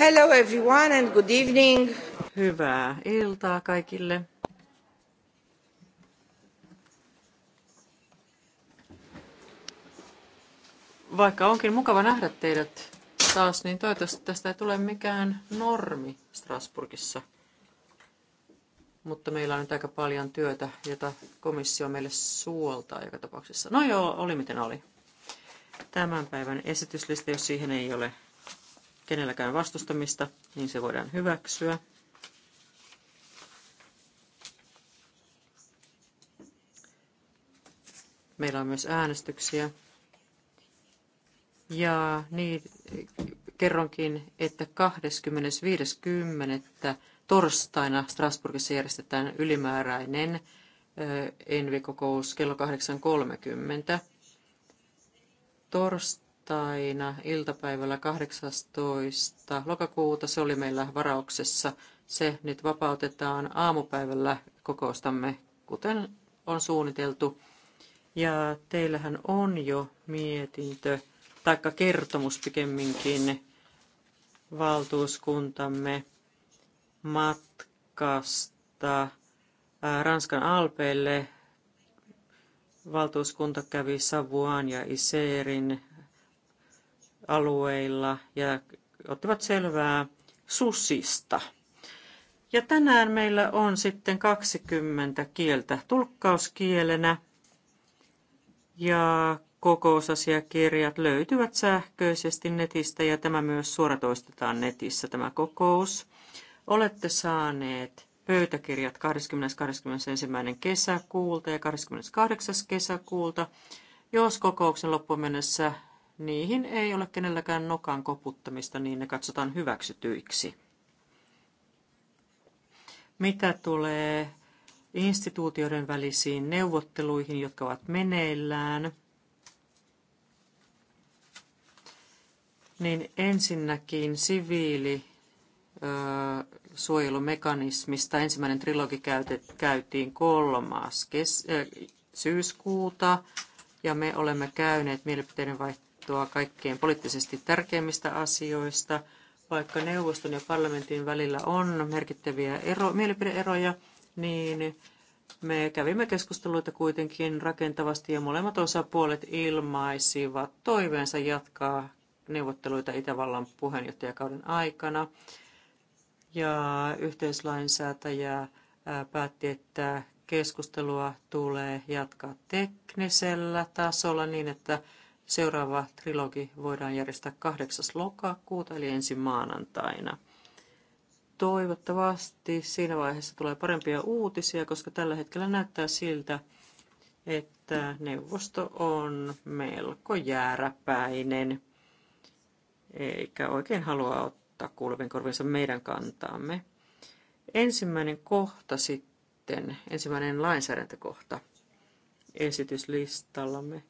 Hello everyone and good evening. Hyvää iltaa kaikille. Vaikka onkin mukava nähdä teidät taas, niin toivottavasti tästä ei tule mikään normi Strasburgissa. Mutta meillä on nyt aika paljon työtä, jota komissio meille suoltaa joka tapauksessa. No joo, oli miten oli tämän päivän esityslista, jos siihen ei ole kenelläkään vastustamista, niin se voidaan hyväksyä. Meillä on myös äänestyksiä. Ja niin, kerronkin, että 25.10. torstaina Strasbourgissa järjestetään ylimääräinen Envi-kokous kello 8.30. Torstaina torstaina iltapäivällä 18. lokakuuta. Se oli meillä varauksessa. Se nyt vapautetaan aamupäivällä kokoustamme, kuten on suunniteltu. Ja teillähän on jo mietintö, taikka kertomus pikemminkin valtuuskuntamme matkasta Ranskan Alpeille. Valtuuskunta kävi Savuan ja Iseerin alueilla ja ottivat selvää susista. Ja tänään meillä on sitten 20 kieltä tulkkauskielenä ja kokousasiakirjat löytyvät sähköisesti netistä ja tämä myös suoratoistetaan netissä tämä kokous. Olette saaneet pöytäkirjat 20.21. kesäkuulta ja 28. kesäkuulta. Jos kokouksen loppuun mennessä niihin ei ole kenelläkään nokan koputtamista, niin ne katsotaan hyväksytyiksi. Mitä tulee instituutioiden välisiin neuvotteluihin, jotka ovat meneillään, niin ensinnäkin siviili suojelumekanismista. Ensimmäinen trilogi käytiin kolmas kes- syyskuuta ja me olemme käyneet vaihtoehtoja tietoa kaikkein poliittisesti tärkeimmistä asioista, vaikka neuvoston ja parlamentin välillä on merkittäviä ero, mielipideeroja, niin me kävimme keskusteluita kuitenkin rakentavasti ja molemmat osapuolet ilmaisivat toiveensa jatkaa neuvotteluita Itävallan puheenjohtajakauden aikana. Ja yhteislainsäätäjä päätti, että keskustelua tulee jatkaa teknisellä tasolla niin, että Seuraava trilogi voidaan järjestää 8. lokakuuta, eli ensi maanantaina. Toivottavasti siinä vaiheessa tulee parempia uutisia, koska tällä hetkellä näyttää siltä, että neuvosto on melko jääräpäinen, eikä oikein halua ottaa kuuluvien korvinsa meidän kantaamme. Ensimmäinen kohta sitten, ensimmäinen lainsäädäntökohta esityslistallamme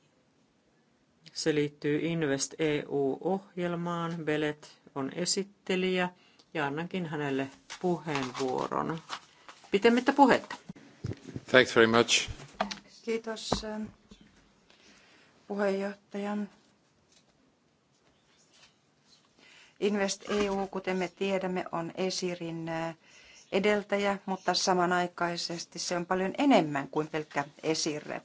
se liittyy Invest EU-ohjelmaan. Belet on esittelijä ja annankin hänelle puheenvuoron. Pitemmittä puhetta. Thanks very much. Kiitos ähm, puheenjohtajan. Invest EU, kuten me tiedämme, on Esirin äh, edeltäjä, mutta samanaikaisesti se on paljon enemmän kuin pelkkä Esirre.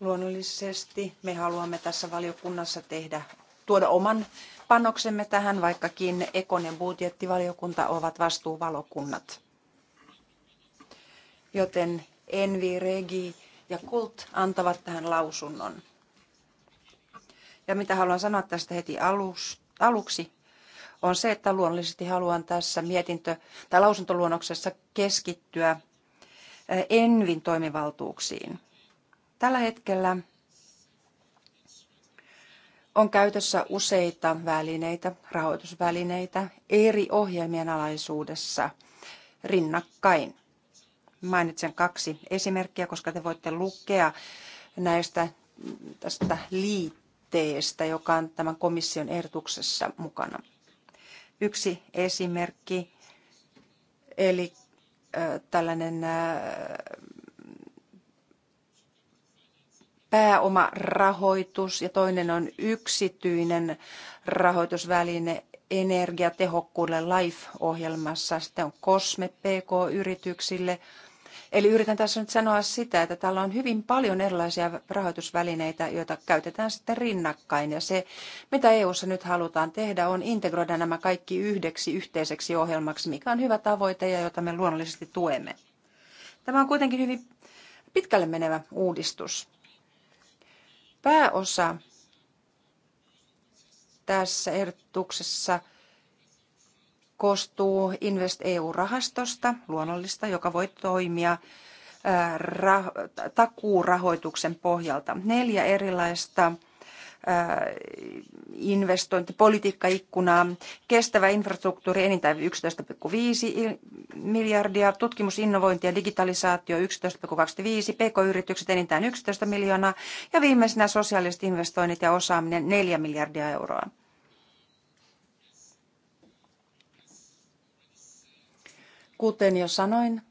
Luonnollisesti me haluamme tässä valiokunnassa tehdä, tuoda oman panoksemme tähän, vaikkakin Ekonen budjettivaliokunta ovat vastuuvalokunnat. Joten Envi, Regi ja Kult antavat tähän lausunnon. Ja mitä haluan sanoa tästä heti alus, aluksi, on se, että luonnollisesti haluan tässä mietintö- tai lausuntoluonnoksessa keskittyä Envin toimivaltuuksiin. Tällä hetkellä on käytössä useita välineitä, rahoitusvälineitä eri ohjelmien alaisuudessa rinnakkain. Mainitsen kaksi esimerkkiä, koska te voitte lukea näistä tästä liitteestä, joka on tämän komission ehdotuksessa mukana. Yksi esimerkki, eli tällainen pääomarahoitus ja toinen on yksityinen rahoitusväline energiatehokkuuden LIFE-ohjelmassa. Sitten on COSME PK-yrityksille. Eli yritän tässä nyt sanoa sitä, että täällä on hyvin paljon erilaisia rahoitusvälineitä, joita käytetään sitten rinnakkain. Ja se, mitä EU:ssa nyt halutaan tehdä, on integroida nämä kaikki yhdeksi yhteiseksi ohjelmaksi, mikä on hyvä tavoite ja jota me luonnollisesti tuemme. Tämä on kuitenkin hyvin pitkälle menevä uudistus. Pääosa tässä ehdotuksessa koostuu Invest EU-rahastosta, luonnollista, joka voi toimia äh, ra- takuurahoituksen pohjalta. Neljä erilaista Äh, investointipolitiikkaikkunaa, kestävä infrastruktuuri enintään 11,5 miljardia, tutkimusinnovointi ja digitalisaatio 11,25, pk-yritykset enintään 11 miljoonaa ja viimeisenä sosiaaliset investoinnit ja osaaminen 4 miljardia euroa. Kuten jo sanoin,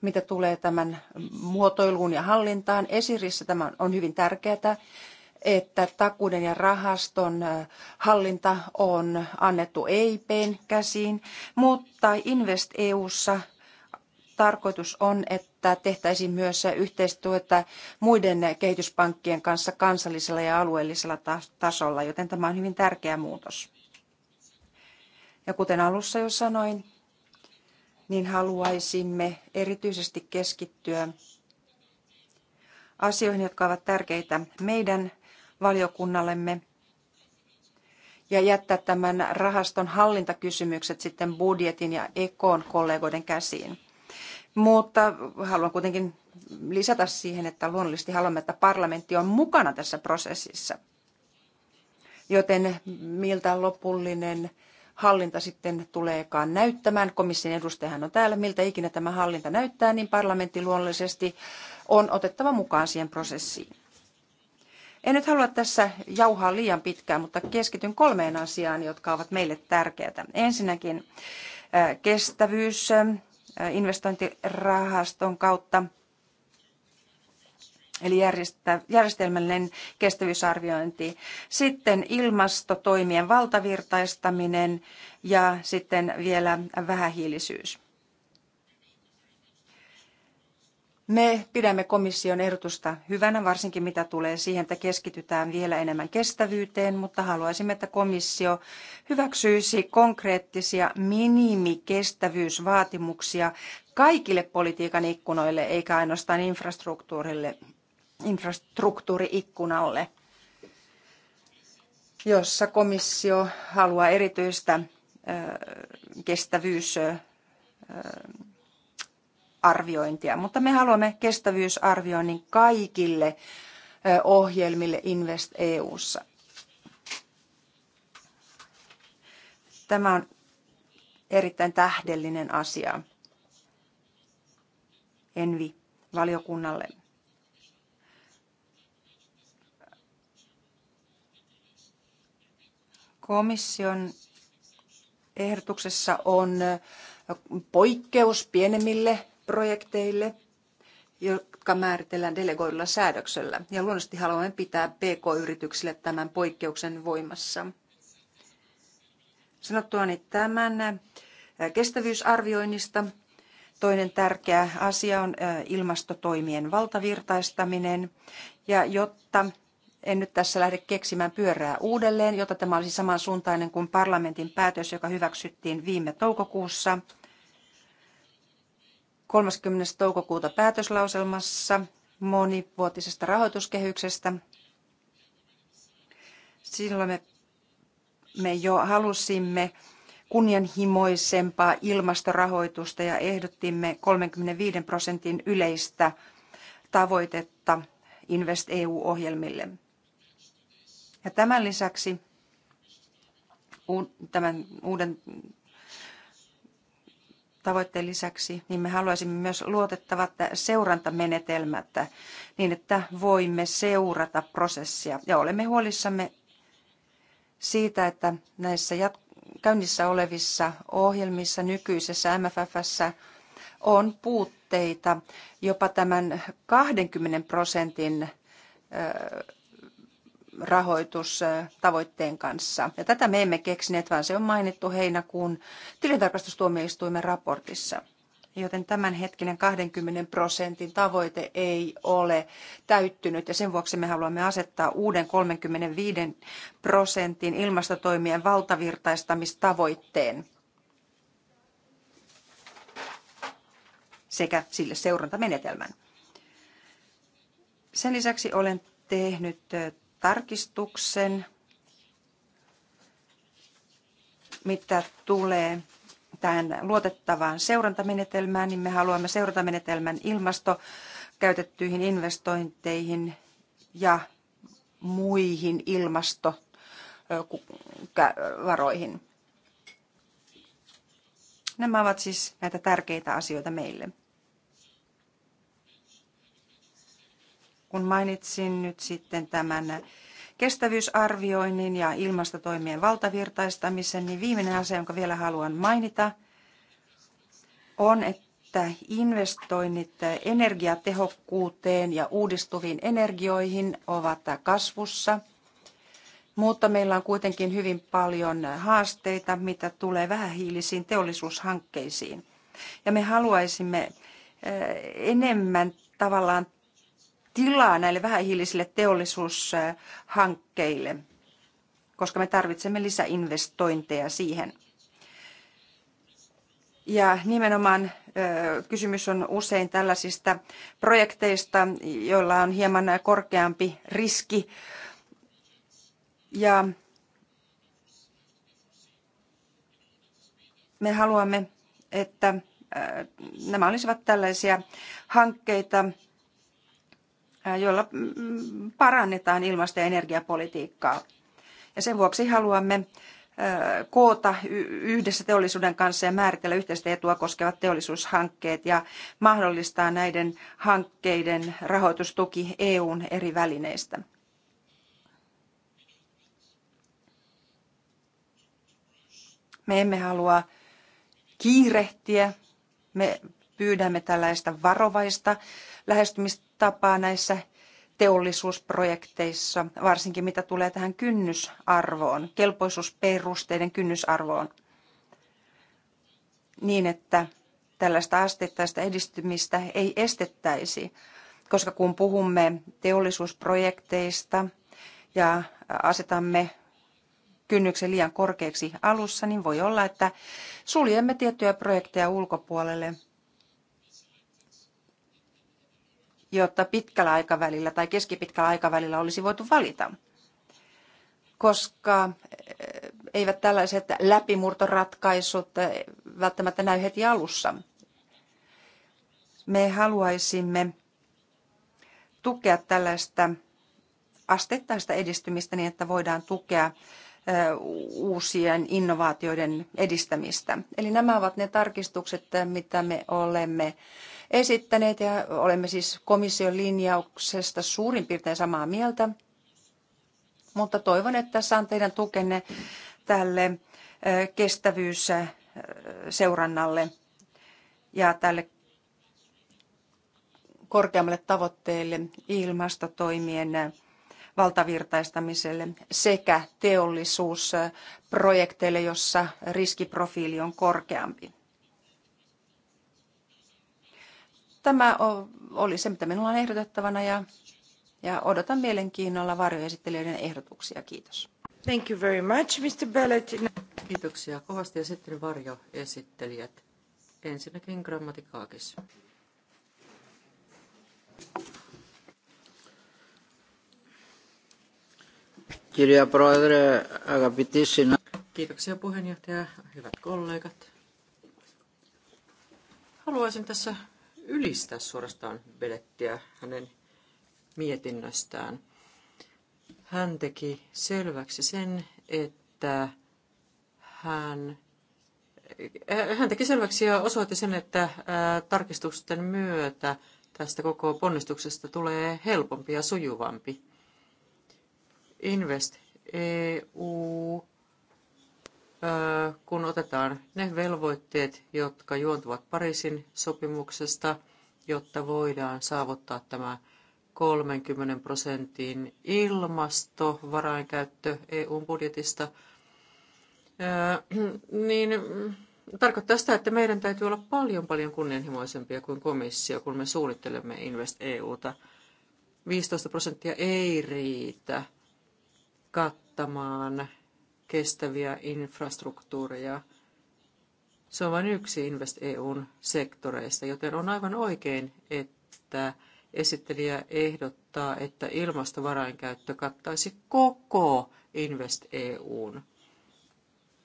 mitä tulee tämän muotoiluun ja hallintaan. Esirissä tämä on hyvin tärkeää, että takuuden ja rahaston hallinta on annettu EIPn käsiin, mutta Invest EUssa tarkoitus on, että tehtäisiin myös yhteistyötä muiden kehityspankkien kanssa kansallisella ja alueellisella tasolla, joten tämä on hyvin tärkeä muutos. Ja kuten alussa jo sanoin, niin haluaisimme erityisesti keskittyä asioihin, jotka ovat tärkeitä meidän valiokunnallemme ja jättää tämän rahaston hallintakysymykset sitten budjetin ja ekoon kollegoiden käsiin. Mutta haluan kuitenkin lisätä siihen, että luonnollisesti haluamme, että parlamentti on mukana tässä prosessissa. Joten miltä lopullinen hallinta sitten tuleekaan näyttämään. Komission edustajahan on täällä, miltä ikinä tämä hallinta näyttää, niin parlamentti luonnollisesti on otettava mukaan siihen prosessiin. En nyt halua tässä jauhaa liian pitkään, mutta keskityn kolmeen asiaan, jotka ovat meille tärkeitä. Ensinnäkin kestävyys investointirahaston kautta – eli järjestelmällinen kestävyysarviointi. Sitten ilmastotoimien valtavirtaistaminen ja sitten vielä vähähiilisyys. Me pidämme komission ehdotusta hyvänä, varsinkin mitä tulee siihen, että keskitytään vielä enemmän kestävyyteen, mutta haluaisimme, että komissio hyväksyisi konkreettisia minimikestävyysvaatimuksia kaikille politiikan ikkunoille, eikä ainoastaan infrastruktuurille infrastruktuuriikkunalle, jossa komissio haluaa erityistä kestävyysarviointia. Mutta me haluamme kestävyysarvioinnin kaikille ohjelmille Invest EU:ssa. Tämä on erittäin tähdellinen asia Envi-valiokunnalle. Komission ehdotuksessa on poikkeus pienemmille projekteille, jotka määritellään delegoidulla säädöksellä. Ja luonnollisesti haluamme pitää PK-yrityksille tämän poikkeuksen voimassa. Sanottuani tämän kestävyysarvioinnista Toinen tärkeä asia on ilmastotoimien valtavirtaistaminen. Ja jotta en nyt tässä lähde keksimään pyörää uudelleen, jotta tämä olisi samansuuntainen kuin parlamentin päätös, joka hyväksyttiin viime toukokuussa 30. toukokuuta päätöslauselmassa monivuotisesta rahoituskehyksestä. Silloin me, me jo halusimme kunnianhimoisempaa ilmastorahoitusta ja ehdottimme 35 prosentin yleistä tavoitetta Invest EU-ohjelmille. Ja tämän lisäksi tämän uuden tavoitteen lisäksi, niin me haluaisimme myös luotettavat seurantamenetelmät niin, että voimme seurata prosessia. Ja olemme huolissamme siitä, että näissä käynnissä olevissa ohjelmissa nykyisessä MFFssä on puutteita jopa tämän 20 prosentin rahoitustavoitteen äh, kanssa. Ja tätä me emme keksineet, vaan se on mainittu heinäkuun tilintarkastustuomioistuimen raportissa. Joten tämänhetkinen 20 prosentin tavoite ei ole täyttynyt ja sen vuoksi me haluamme asettaa uuden 35 prosentin ilmastotoimien valtavirtaistamistavoitteen. sekä sille seurantamenetelmän. Sen lisäksi olen tehnyt äh, tarkistuksen, mitä tulee tähän luotettavaan seurantamenetelmään, niin me haluamme seurantamenetelmän ilmastokäytettyihin investointeihin ja muihin ilmastovaroihin. Nämä ovat siis näitä tärkeitä asioita meille. kun mainitsin nyt sitten tämän kestävyysarvioinnin ja ilmastotoimien valtavirtaistamisen, niin viimeinen asia, jonka vielä haluan mainita, on, että investoinnit energiatehokkuuteen ja uudistuviin energioihin ovat kasvussa, mutta meillä on kuitenkin hyvin paljon haasteita, mitä tulee vähähiilisiin teollisuushankkeisiin. Ja me haluaisimme eh, enemmän tavallaan tilaa näille vähähiilisille teollisuushankkeille, koska me tarvitsemme lisäinvestointeja siihen. Ja nimenomaan kysymys on usein tällaisista projekteista, joilla on hieman korkeampi riski. Ja me haluamme, että nämä olisivat tällaisia hankkeita, jolla mm, parannetaan ilmasto- ja energiapolitiikkaa. Ja sen vuoksi haluamme koota yhdessä teollisuuden kanssa ja määritellä yhteistä etua koskevat teollisuushankkeet ja mahdollistaa näiden hankkeiden rahoitustuki EUn eri välineistä. Me emme halua kiirehtiä. Me pyydämme tällaista varovaista lähestymistapaa näissä teollisuusprojekteissa, varsinkin mitä tulee tähän kynnysarvoon, kelpoisuusperusteiden kynnysarvoon, niin että tällaista asteittaista edistymistä ei estettäisi, koska kun puhumme teollisuusprojekteista ja asetamme kynnyksen liian korkeaksi alussa, niin voi olla, että suljemme tiettyjä projekteja ulkopuolelle jotta pitkällä aikavälillä tai keskipitkällä aikavälillä olisi voitu valita. Koska eh, eivät tällaiset läpimurtoratkaisut eh, välttämättä näy heti alussa. Me haluaisimme tukea tällaista asteittaista edistymistä niin, että voidaan tukea eh, uusien innovaatioiden edistämistä. Eli nämä ovat ne tarkistukset, mitä me olemme esittäneet ja olemme siis komission linjauksesta suurin piirtein samaa mieltä. Mutta toivon, että saan teidän tukenne tälle kestävyysseurannalle ja tälle korkeammalle tavoitteelle ilmastotoimien valtavirtaistamiselle sekä teollisuusprojekteille, jossa riskiprofiili on korkeampi. Tämä oli se, mitä minulla on ehdotettavana ja, ja odotan mielenkiinnolla varjoesittelijöiden ehdotuksia. Kiitos. Thank you very much, Mr. Bellet. Kiitoksia kovasti ja sitten varjoesittelijät. Ensinnäkin grammatikaakis. Kirja Proedre, agapitissina. Kiitoksia puheenjohtaja, hyvät kollegat. Haluaisin tässä ylistää suorastaan Belettiä hänen mietinnöstään. Hän teki selväksi sen, että hän eh, hän teki selväksi ja osoitti sen, että eh, tarkistusten myötä tästä koko ponnistuksesta tulee helpompi ja sujuvampi. Invest EU kun otetaan ne velvoitteet, jotka juontuvat Pariisin sopimuksesta, jotta voidaan saavuttaa tämä 30 prosentin ilmastovarainkäyttö eu budjetista, niin tarkoittaa sitä, että meidän täytyy olla paljon paljon kunnianhimoisempia kuin komissio, kun me suunnittelemme Invest EUta. 15 prosenttia ei riitä kattamaan kestäviä infrastruktuureja. Se on vain yksi Invest EUn sektoreista, joten on aivan oikein, että esittelijä ehdottaa, että ilmastovarainkäyttö kattaisi koko Invest EUn.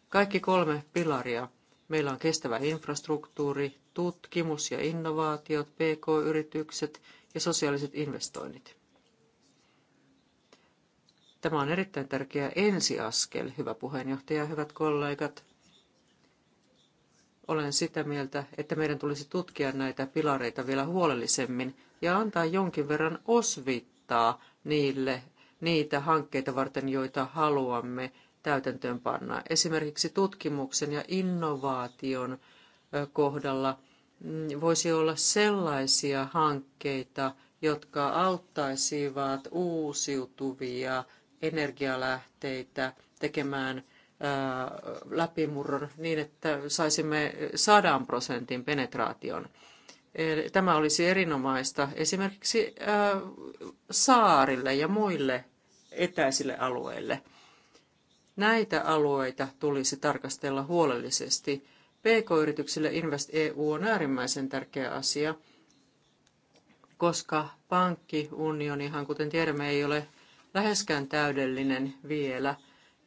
Kaikki kolme pilaria. Meillä on kestävä infrastruktuuri, tutkimus ja innovaatiot, pk-yritykset ja sosiaaliset investoinnit. Tämä on erittäin tärkeä ensiaskel, hyvä puheenjohtaja, hyvät kollegat. Olen sitä mieltä, että meidän tulisi tutkia näitä pilareita vielä huolellisemmin ja antaa jonkin verran osvittaa niille niitä hankkeita varten, joita haluamme panna. Esimerkiksi tutkimuksen ja innovaation kohdalla mm, voisi olla sellaisia hankkeita, jotka auttaisivat uusiutuvia energialähteitä, tekemään läpimurron niin, että saisimme 100 prosentin penetraation. Tämä olisi erinomaista esimerkiksi saarille ja muille etäisille alueille. Näitä alueita tulisi tarkastella huolellisesti. PK-yrityksille Invest EU on äärimmäisen tärkeä asia, koska pankkiunionihan, kuten tiedämme, ei ole läheskään täydellinen vielä.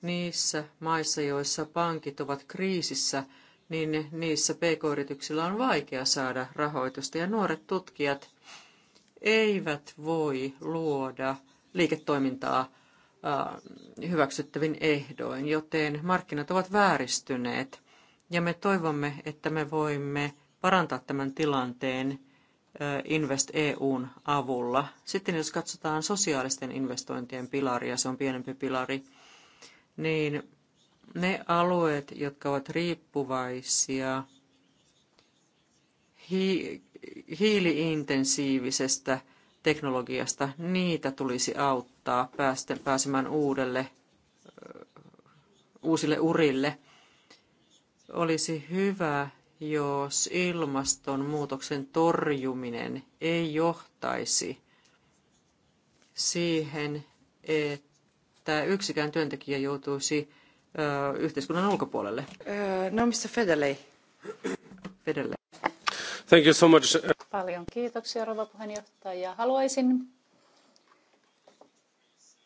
Niissä maissa, joissa pankit ovat kriisissä, niin niissä pk-yrityksillä on vaikea saada rahoitusta ja nuoret tutkijat eivät voi luoda liiketoimintaa hyväksyttävin ehdoin, joten markkinat ovat vääristyneet. Ja me toivomme, että me voimme parantaa tämän tilanteen Invest EUn avulla. Sitten jos katsotaan sosiaalisten investointien pilaria, se on pienempi pilari, niin ne alueet, jotka ovat riippuvaisia hi- hiiliintensiivisestä teknologiasta, niitä tulisi auttaa pääsemään uudelle, uusille urille. Olisi hyvä, jos ilmastonmuutoksen torjuminen ei johtaisi siihen, että yksikään työntekijä joutuisi ö, yhteiskunnan ulkopuolelle? no, Mr. Federley. Federley. Thank you so much. Paljon kiitoksia, rouva puheenjohtaja. Haluaisin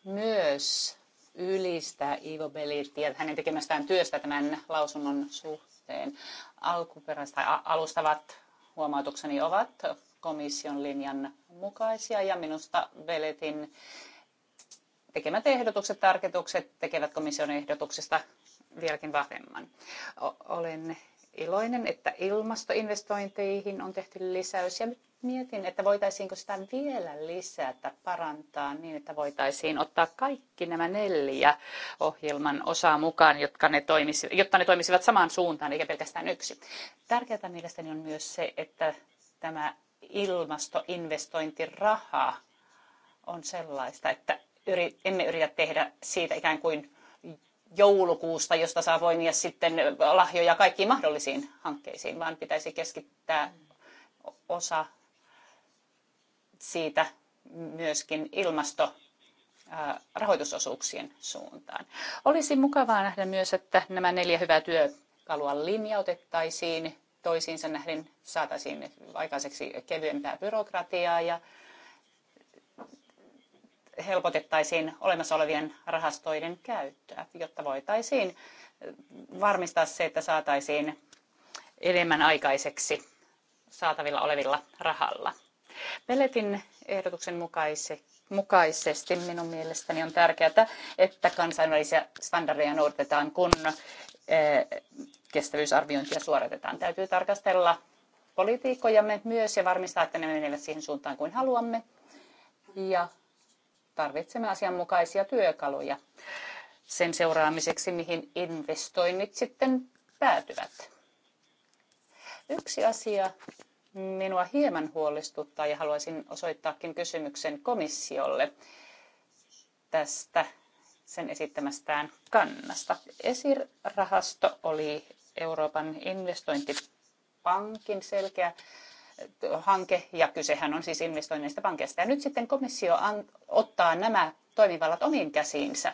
myös ylistää Ivo Belirtiä hänen tekemästään työstä tämän lausunnon suhteen haasteen. Alkuperäiset tai alustavat huomautukseni ovat komission linjan mukaisia ja minusta Veletin tekemät ehdotukset, tarkoitukset tekevät komission ehdotuksesta vieläkin vahvemman. olen iloinen, että ilmastoinvestointeihin on tehty lisäys ja mietin, että voitaisiinko sitä vielä lisätä, parantaa niin, että voitaisiin ottaa kaikki nämä neljä ohjelman osaa mukaan, jotka ne toimisi, jotta ne toimisivat samaan suuntaan, eikä pelkästään yksi. Tärkeää mielestäni on myös se, että tämä ilmastoinvestointiraha on sellaista, että yri, emme yritä tehdä siitä ikään kuin joulukuusta, josta saa voimia sitten lahjoja kaikkiin mahdollisiin hankkeisiin, vaan pitäisi keskittää osa siitä myöskin ilmasto rahoitusosuuksien suuntaan. Olisi mukavaa nähdä myös, että nämä neljä hyvää työkalua linjautettaisiin toisiinsa nähden, saataisiin aikaiseksi kevyempää byrokratiaa ja helpotettaisiin olemassa olevien rahastoiden käyttöä, jotta voitaisiin eh, varmistaa se, että saataisiin enemmän aikaiseksi saatavilla olevilla rahalla. Pelletin ehdotuksen mukaisesti mukaisesti minun mielestäni on tärkeää, että kansainvälisiä standardeja noudatetaan, kun eh, kestävyysarviointia suoritetaan. Täytyy tarkastella politiikkojamme myös ja varmistaa, että ne menevät siihen suuntaan kuin haluamme. Ja tarvitsemme asianmukaisia työkaluja sen seuraamiseksi, mihin investoinnit sitten päätyvät. Yksi asia minua hieman huolestuttaa ja haluaisin osoittaakin kysymyksen komissiolle tästä sen esittämästään kannasta. Esirahasto oli Euroopan investointipankin selkeä hanke ja kysehän on siis investoinneista pankeista. Ja nyt sitten komissio ottaa nämä toimivallat omiin käsiinsä.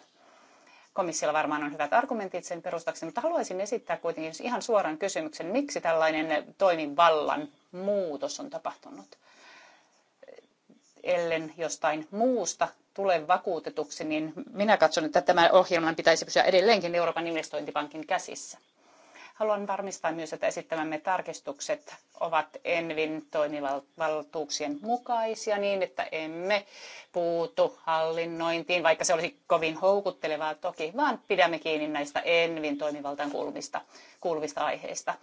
Komissiolla varmaan on hyvät argumentit sen perustaksi, mutta haluaisin esittää kuitenkin ihan suoran kysymyksen, miksi tällainen toimivallan muutos on tapahtunut. Ellen jostain muusta tule vakuutetuksi, niin minä katson, että tämä ohjelman pitäisi pysyä edelleenkin Euroopan investointipankin käsissä. Haluan varmistaa myös, että esittämämme tarkistukset ovat Envin toimivaltuuksien mukaisia niin, että emme puutu hallinnointiin, vaikka se olisi kovin houkuttelevaa toki, vaan pidämme kiinni näistä Envin toimivaltaan kuuluvista, kuuluvista aiheista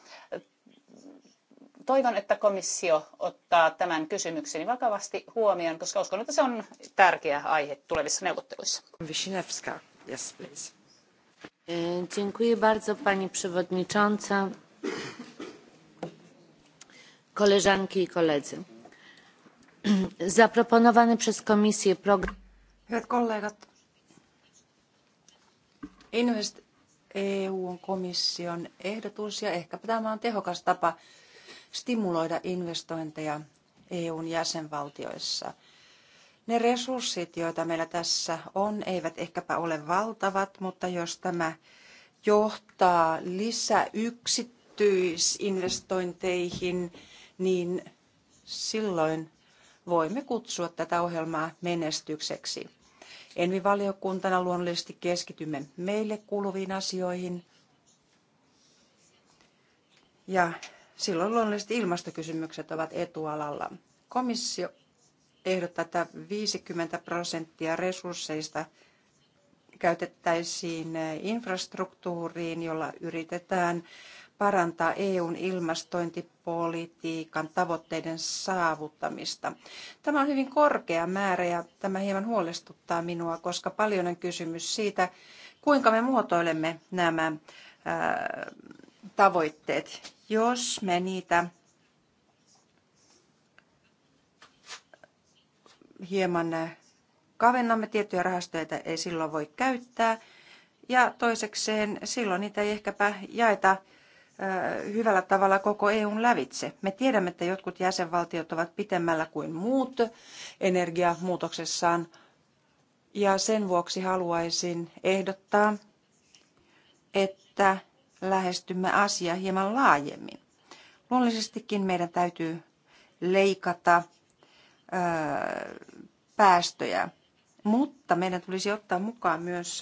toivon, että komissio ottaa tämän kysymykseni vakavasti huomioon, koska uskon, että se on tärkeä aihe tulevissa neuvotteluissa. yes please. E, dziękuję bardzo pani przewodnicząca, koleżanki i koledzy. Zaproponowany przez komisję program... Hyvät kollegat, Invest EU on komission ehdotus ja ehkäpä tämä on tehokas tapa stimuloida investointeja EUn jäsenvaltioissa – ne resurssit, joita meillä tässä on, eivät ehkäpä ole valtavat, mutta jos tämä johtaa lisäyksityisinvestointeihin, niin silloin voimme kutsua tätä ohjelmaa menestykseksi. Envivaliokuntana luonnollisesti keskitymme meille kuuluviin asioihin ja silloin luonnollisesti ilmastokysymykset ovat etualalla. Komissio ehdottaa, että 50 prosenttia resursseista käytettäisiin infrastruktuuriin, jolla yritetään parantaa EUn ilmastointipolitiikan tavoitteiden saavuttamista. Tämä on hyvin korkea määrä ja tämä hieman huolestuttaa minua, koska paljon on kysymys siitä, kuinka me muotoilemme nämä tavoitteet. Jos me niitä hieman eh, kavennamme tiettyjä rahastoja, ei silloin voi käyttää. Ja toisekseen silloin niitä ei ehkäpä jaeta eh, hyvällä tavalla koko EUn lävitse. Me tiedämme, että jotkut jäsenvaltiot ovat pitemmällä kuin muut energiamuutoksessaan. Ja sen vuoksi haluaisin ehdottaa, että lähestymme asiaa hieman laajemmin. Luonnollisestikin meidän täytyy leikata päästöjä. Mutta meidän tulisi ottaa mukaan myös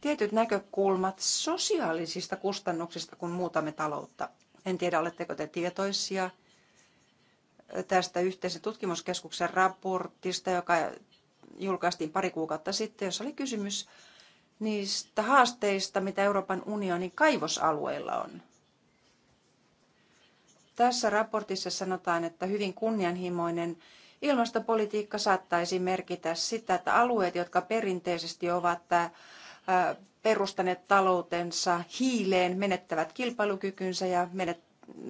tietyt näkökulmat sosiaalisista kustannuksista, kun muutamme taloutta. En tiedä, oletteko te tietoisia tästä yhteisen tutkimuskeskuksen raportista, joka julkaistiin pari kuukautta sitten, jossa oli kysymys niistä haasteista, mitä Euroopan unionin kaivosalueilla on. Tässä raportissa sanotaan, että hyvin kunnianhimoinen ilmastopolitiikka saattaisi merkitä sitä, että alueet, jotka perinteisesti ovat perustaneet taloutensa hiileen, menettävät kilpailukykynsä ja menet,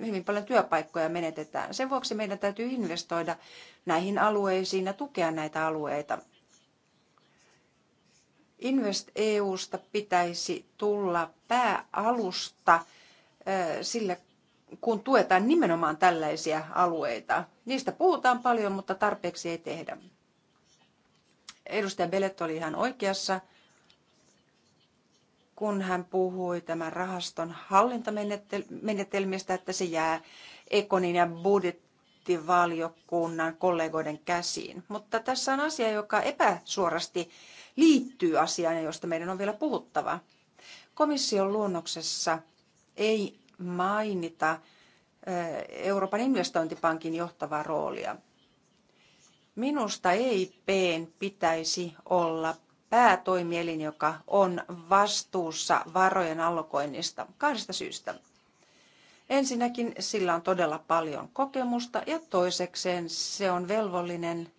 hyvin paljon työpaikkoja menetetään. Sen vuoksi meidän täytyy investoida näihin alueisiin ja tukea näitä alueita. Invest EUsta pitäisi tulla pääalusta sille kun tuetaan nimenomaan tällaisia alueita. Niistä puhutaan paljon, mutta tarpeeksi ei tehdä. Edustaja Bellet oli ihan oikeassa, kun hän puhui tämän rahaston hallintamenetelmistä, että se jää Ekonin ja budjettivaliokunnan kollegoiden käsiin. Mutta tässä on asia, joka epäsuorasti liittyy asiaan, josta meidän on vielä puhuttava. Komission luonnoksessa ei mainita Euroopan investointipankin johtavaa roolia. Minusta EIPn pitäisi olla päätoimielin, joka on vastuussa varojen allokoinnista kahdesta syystä. Ensinnäkin sillä on todella paljon kokemusta ja toisekseen se on velvollinen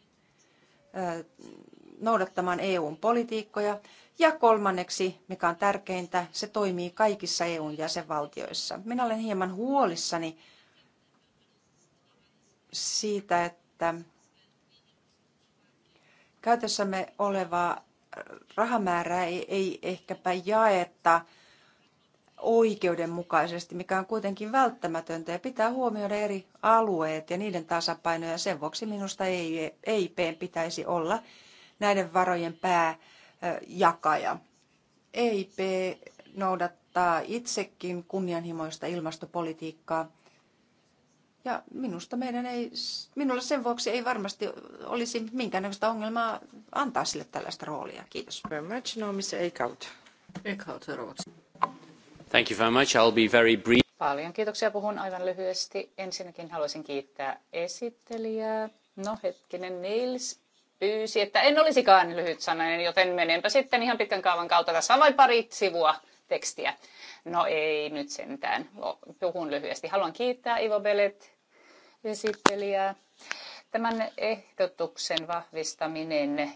noudattamaan EUn politiikkoja ja kolmanneksi, mikä on tärkeintä, se toimii kaikissa EUn jäsenvaltioissa. Minä olen hieman huolissani siitä, että käytössämme olevaa rahamäärää ei, ei ehkäpä jaeta oikeudenmukaisesti, mikä on kuitenkin välttämätöntä ja pitää huomioida eri alueet ja niiden tasapaino ja sen vuoksi minusta EIP pitäisi olla näiden varojen pää jakaja. EIP noudattaa itsekin kunnianhimoista ilmastopolitiikkaa. Ja minusta meidän ei, minulla sen vuoksi ei varmasti olisi minkäännäköistä ongelmaa antaa sille tällaista roolia. Kiitos. Very much. No, Mr. Thank you very much. I'll be very brief. Paljon kiitoksia. Puhun aivan lyhyesti. Ensinnäkin haluaisin kiittää esittelijää. No hetkinen, Nils pyysi, että en olisikaan lyhyt sanainen, joten menenpä sitten ihan pitkän kaavan kautta. Tässä on vain pari sivua tekstiä. No ei nyt sentään. Puhun lyhyesti. Haluan kiittää Ivo Belet, esittelijää. Tämän ehdotuksen vahvistaminen,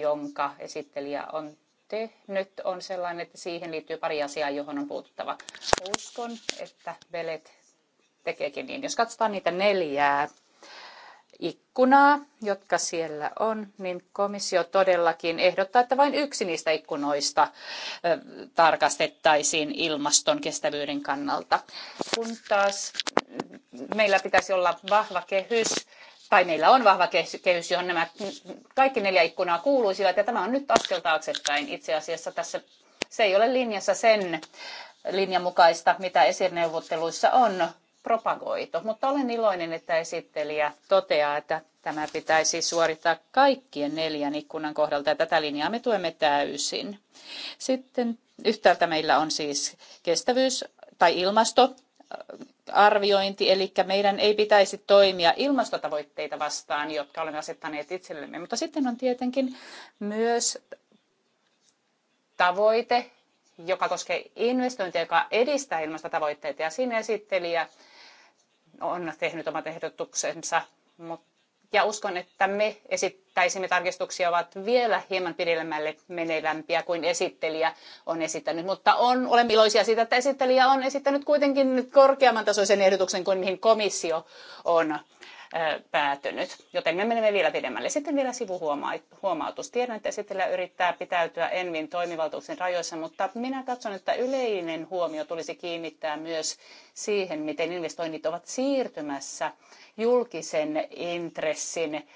jonka esittelijä on tehnyt, on sellainen, että siihen liittyy pari asiaa, johon on puututtava. Uskon, että Belet tekeekin niin. Jos katsotaan niitä neljää ikkunaa, jotka siellä on, niin komissio todellakin ehdottaa, että vain yksi niistä ikkunoista tarkastettaisiin ilmaston kestävyyden kannalta. Kun taas meillä pitäisi olla vahva kehys, tai meillä on vahva kehys, johon nämä kaikki neljä ikkunaa kuuluisivat, ja tämä on nyt askel taaksepäin itse asiassa tässä. Se ei ole linjassa sen linjan mukaista, mitä esineuvotteluissa on propagoitu. Mutta olen iloinen, että esittelijä toteaa, että tämä pitäisi suorittaa kaikkien neljän ikkunan kohdalta ja tätä linjaa me tuemme täysin. Sitten yhtäältä meillä on siis kestävyys tai ilmasto arviointi, eli meidän ei pitäisi toimia ilmastotavoitteita vastaan, jotka olemme asettaneet itsellemme. Mutta sitten on tietenkin myös tavoite, joka koskee investointia, joka edistää ilmastotavoitteita. Ja siinä esittelijä on tehnyt omat ehdotuksensa, mutta ja uskon, että me esittäisimme tarkistuksia ovat vielä hieman pidemmälle menevämpiä kuin esittelijä on esittänyt. Mutta on, olemme iloisia siitä, että esittelijä on esittänyt kuitenkin nyt korkeamman tasoisen ehdotuksen kuin mihin komissio on päätynyt. Joten me menemme vielä pidemmälle. Sitten vielä sivuhuomautus. Tiedän, että esitellä yrittää pitäytyä Envin toimivaltuuksien rajoissa, mutta minä katson, että yleinen huomio tulisi kiinnittää myös siihen, miten investoinnit ovat siirtymässä julkisen intressin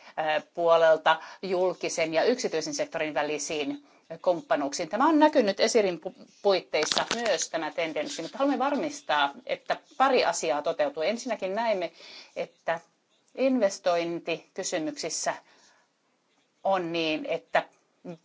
puolelta julkisen ja yksityisen sektorin välisiin kumppanuuksiin. Tämä on näkynyt Esirin puitteissa myös tämä tendenssi, mutta haluamme varmistaa, että pari asiaa toteutuu. Ensinnäkin näemme, että investointikysymyksissä on niin, että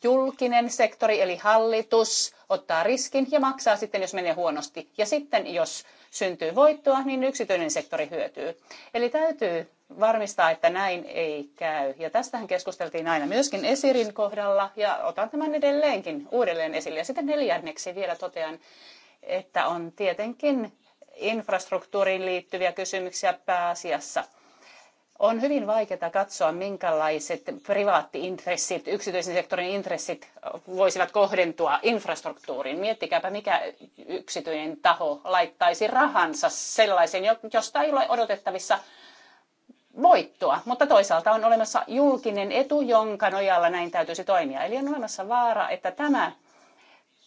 julkinen sektori eli hallitus ottaa riskin ja maksaa sitten, jos menee huonosti. Ja sitten, jos syntyy voittoa, niin yksityinen sektori hyötyy. Eli täytyy varmistaa, että näin ei käy. Ja tästähän keskusteltiin aina myöskin Esirin kohdalla ja otan tämän edelleenkin uudelleen esille. Ja sitten neljänneksi vielä totean, että on tietenkin infrastruktuuriin liittyviä kysymyksiä pääasiassa – on hyvin vaikeaa katsoa, minkälaiset privaatti privaatti-intressit, yksityisen sektorin intressit voisivat kohdentua infrastruktuuriin. Miettikääpä, mikä yksityinen taho laittaisi rahansa sellaisen, josta ei ole odotettavissa voittoa, mutta toisaalta on olemassa julkinen etu, jonka nojalla näin täytyisi toimia. Eli on olemassa vaara, että tämä,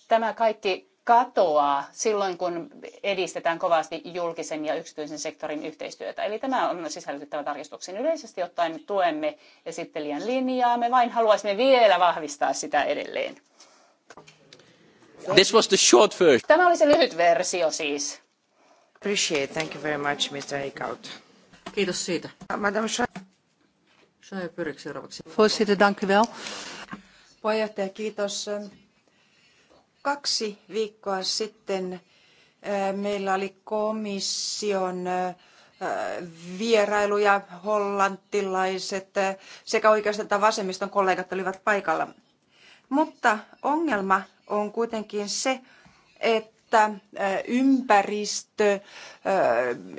tämä kaikki katoaa silloin, kun edistetään kovasti julkisen ja yksityisen sektorin yhteistyötä. Eli tämä on sisällytettävä tarkistuksiin. Yleisesti ottaen tuemme esittelijän linjaa. Me vain haluaisimme vielä vahvistaa sitä edelleen. This was the short version. Tämä oli se lyhyt versio siis. Appreciate. Thank you very much, Mr. Eickhout. Kiitos siitä. Madame Schreiber seuraavaksi. Voorzitter, dank u wel. Puheenjohtaja, kiitos. Kaksi viikkoa sitten äh, meillä oli komission äh, vierailuja, hollantilaiset äh, sekä oikeasta että vasemmiston kollegat olivat paikalla. Mutta ongelma on kuitenkin se, että että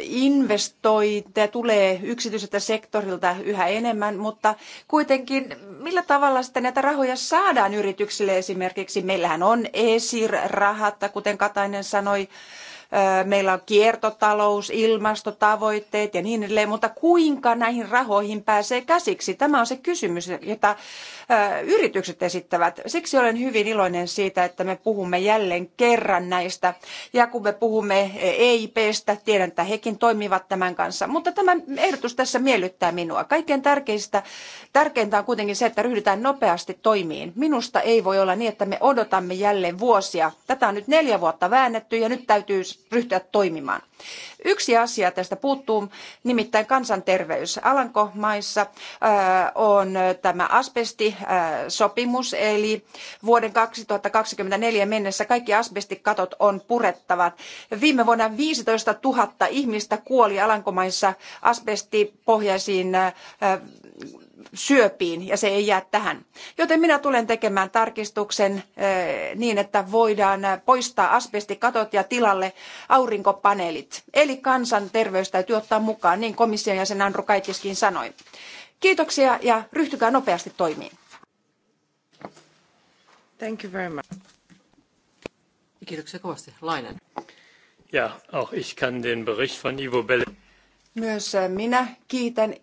ympäristö, tulee yksityiseltä sektorilta yhä enemmän, mutta kuitenkin millä tavalla sitten näitä rahoja saadaan yrityksille esimerkiksi? Meillähän on ESIR-rahat, kuten Katainen sanoi, meillä on kiertotalous, ilmastotavoitteet ja niin edelleen, mutta kuinka näihin rahoihin pääsee käsiksi? Tämä on se kysymys, jota yritykset esittävät. Siksi olen hyvin iloinen siitä, että me puhumme jälleen kerran näistä. Ja kun me puhumme EIPstä, tiedän, että hekin toimivat tämän kanssa. Mutta tämä ehdotus tässä miellyttää minua. Kaikkein tärkeintä, tärkeintä on kuitenkin se, että ryhdytään nopeasti toimiin. Minusta ei voi olla niin, että me odotamme jälleen vuosia. Tätä on nyt neljä vuotta väännetty ja nyt täytyy ryhtyä toimimaan. Yksi asia tästä puuttuu, nimittäin kansanterveys. Alankomaissa äh, on tämä asbestisopimus, äh, eli vuoden 2024 mennessä kaikki asbestikatot on purettava. Viime vuonna 15 000 ihmistä kuoli Alankomaissa asbestipohjaisiin äh, syöpiin ja se ei jää tähän. Joten minä tulen tekemään tarkistuksen niin, että voidaan poistaa asbestikatot ja tilalle aurinkopaneelit. Eli kansanterveys täytyy ottaa mukaan, niin komission jäsen Andrew Kaitiskin sanoi. Kiitoksia ja ryhtykää nopeasti toimiin. Thank you very much. Kiitoksia kovasti. Lainen. Ja, auch ich kann den Bericht von Ivo Belle. Myös minä kiitän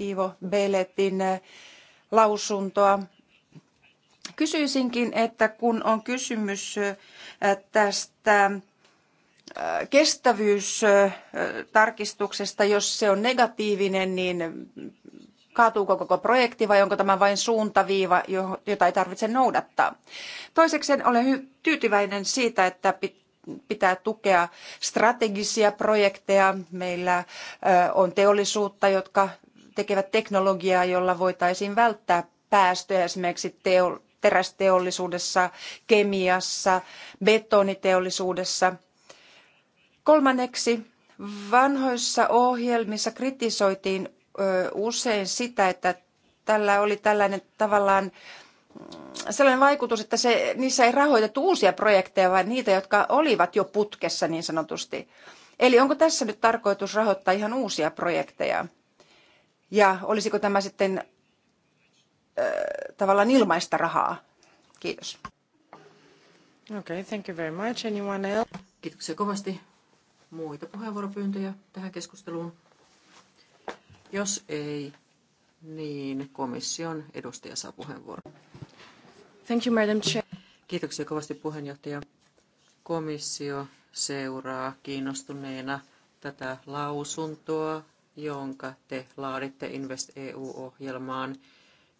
Ivo Beletin eh, lausuntoa. Kysyisinkin, että kun on kysymys eh, tästä eh, kestävyystarkistuksesta, jos se on negatiivinen, niin kaatuuko koko projekti vai onko tämä vain suuntaviiva, jota ei tarvitse noudattaa. Toiseksi olen tyytyväinen siitä, että pitää tukea strategisia projekteja. Meillä on teollisuutta, jotka tekevät teknologiaa, jolla voitaisiin välttää päästöjä esimerkiksi teo, terästeollisuudessa, kemiassa, betoniteollisuudessa. Kolmanneksi, vanhoissa ohjelmissa kritisoitiin usein sitä, että tällä oli tällainen tavallaan mm, sellainen vaikutus, että se, niissä ei rahoitettu uusia projekteja, vaan niitä, jotka olivat jo putkessa niin sanotusti. Eli onko tässä nyt tarkoitus rahoittaa ihan uusia projekteja? Ja olisiko tämä sitten äh, tavallaan ilmaista rahaa? Kiitos. Okay, thank you very much. Anyone else? Kiitoksia kovasti. Muita puheenvuoropyyntöjä tähän keskusteluun? Jos ei, niin komission edustaja saa puheenvuoron. Thank you, Madam Chair. Kiitoksia kovasti puheenjohtaja. Komissio seuraa kiinnostuneena tätä lausuntoa jonka te laaditte Invest EU-ohjelmaan.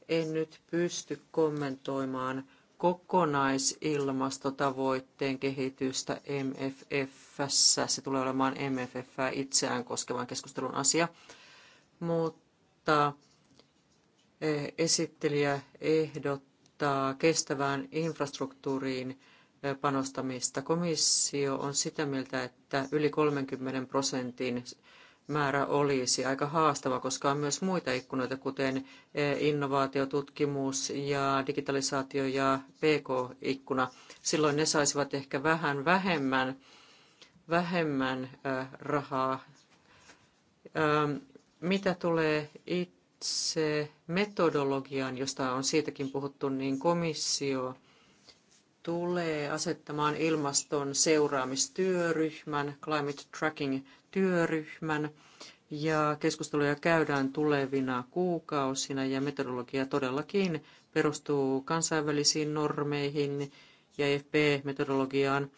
En nyt pysty kommentoimaan kokonaisilmastotavoitteen kehitystä MFFssä. Se tulee olemaan MFF itseään koskevan keskustelun asia. Mutta e, esittelijä ehdottaa kestävään infrastruktuuriin e, panostamista. Komissio on sitä mieltä, että yli 30 prosentin määrä olisi aika haastava, koska on myös muita ikkunoita, kuten e, innovaatiotutkimus ja digitalisaatio ja PK-ikkuna. Silloin ne saisivat ehkä vähän vähemmän, vähemmän e, rahaa. E, mitä tulee itse metodologiaan, josta on siitäkin puhuttu, niin komissio tulee asettamaan ilmaston seuraamistyöryhmän, Climate Tracking työryhmän ja keskusteluja käydään tulevina kuukausina ja metodologia todellakin perustuu kansainvälisiin normeihin ja FP-metodologiaan.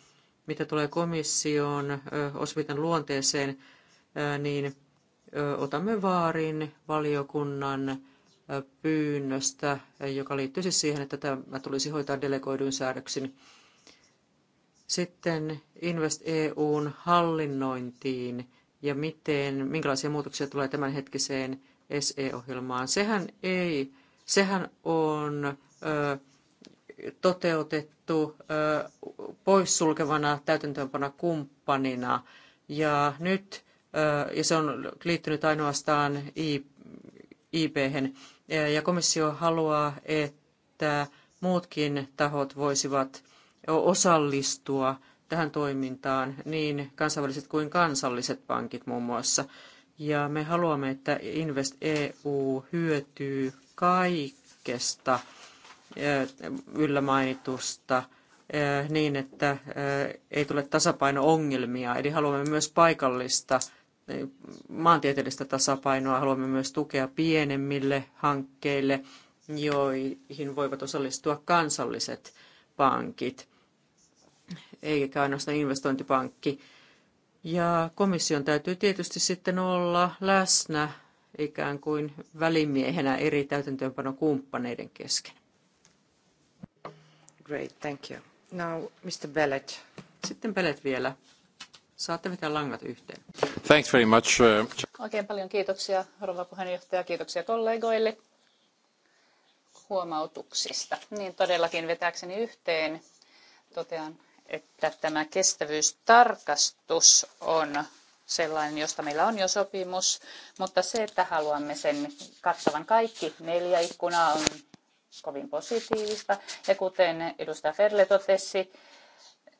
Mitä tulee komission osvitan luonteeseen, niin otamme vaarin valiokunnan pyynnöstä, joka liittyy siis siihen, että tämä tulisi hoitaa delegoiduin säädöksin. Sitten Invest EUn hallinnointiin ja miten, minkälaisia muutoksia tulee tämänhetkiseen SE-ohjelmaan. Sehän ei, sehän on ö, toteutettu ö, poissulkevana täytäntöönpana kumppanina ja nyt ö, ja se on liittynyt ainoastaan ip ja komissio haluaa, että muutkin tahot voisivat osallistua tähän toimintaan, niin kansainväliset kuin kansalliset pankit muun muassa. Ja me haluamme, että Invest EU hyötyy kaikesta yllä mainitusta niin, että ei tule tasapaino-ongelmia. Eli haluamme myös paikallista maantieteellistä tasapainoa, haluamme myös tukea pienemmille hankkeille, joihin voivat osallistua kansalliset pankit eikä ainoastaan investointipankki. Ja komission täytyy tietysti sitten olla läsnä ikään kuin välimiehenä eri täytäntöönpanokumppaneiden kesken. Great, thank you. Now, Mr. Bellet. Sitten Bellet vielä. Saatte vetää langat yhteen. Thanks very much. Uh, Oikein paljon kiitoksia, rouva puheenjohtaja. Kiitoksia kollegoille huomautuksista. Niin todellakin vetääkseni yhteen totean, että tämä kestävyystarkastus on sellainen, josta meillä on jo sopimus, mutta se, että haluamme sen kattavan kaikki neljä ikkunaa on kovin positiivista. Ja kuten edustaja Ferle totesi,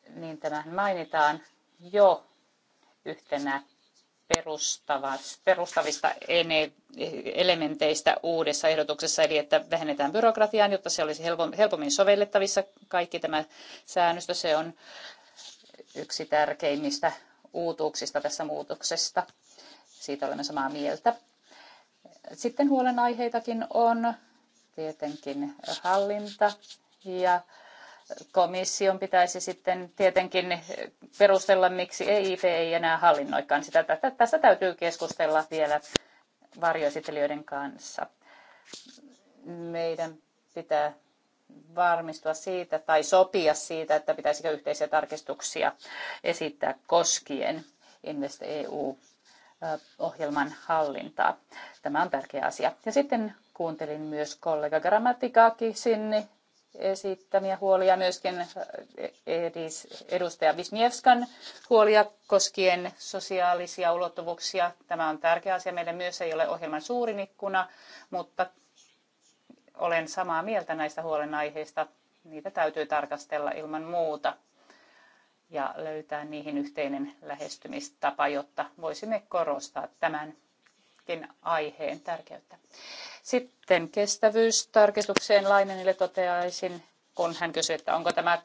niin tämähän mainitaan jo yhtenä perustavista elementeistä uudessa ehdotuksessa, eli että vähennetään byrokratiaa, jotta se olisi helpommin sovellettavissa. Kaikki tämä säännöstö, se on yksi tärkeimmistä uutuuksista tässä muutoksesta. Siitä olemme samaa mieltä. Sitten huolenaiheitakin on tietenkin hallinta ja komission pitäisi sitten tietenkin perustella, miksi EIP ei enää hallinnoikaan sitä. Tästä täytyy keskustella vielä varjoesittelijöiden kanssa. Meidän pitää varmistua siitä tai sopia siitä, että pitäisikö yhteisiä tarkistuksia esittää koskien Invest EU-ohjelman hallintaa. Tämä on tärkeä asia. Ja sitten kuuntelin myös kollega sinne esittämiä huolia, myöskin eh, edustaja Vismievskan huolia koskien sosiaalisia ulottuvuuksia. Tämä on tärkeä asia. Meille myös ei ole ohjelman suurin ikkuna, mutta olen samaa mieltä näistä huolenaiheista. Niitä täytyy tarkastella ilman muuta ja löytää niihin yhteinen lähestymistapa, jotta voisimme korostaa tämänkin aiheen tärkeyttä. Sitten kestävyystarkistukseen Lainenille toteaisin, kun hän kysyi, että onko tämä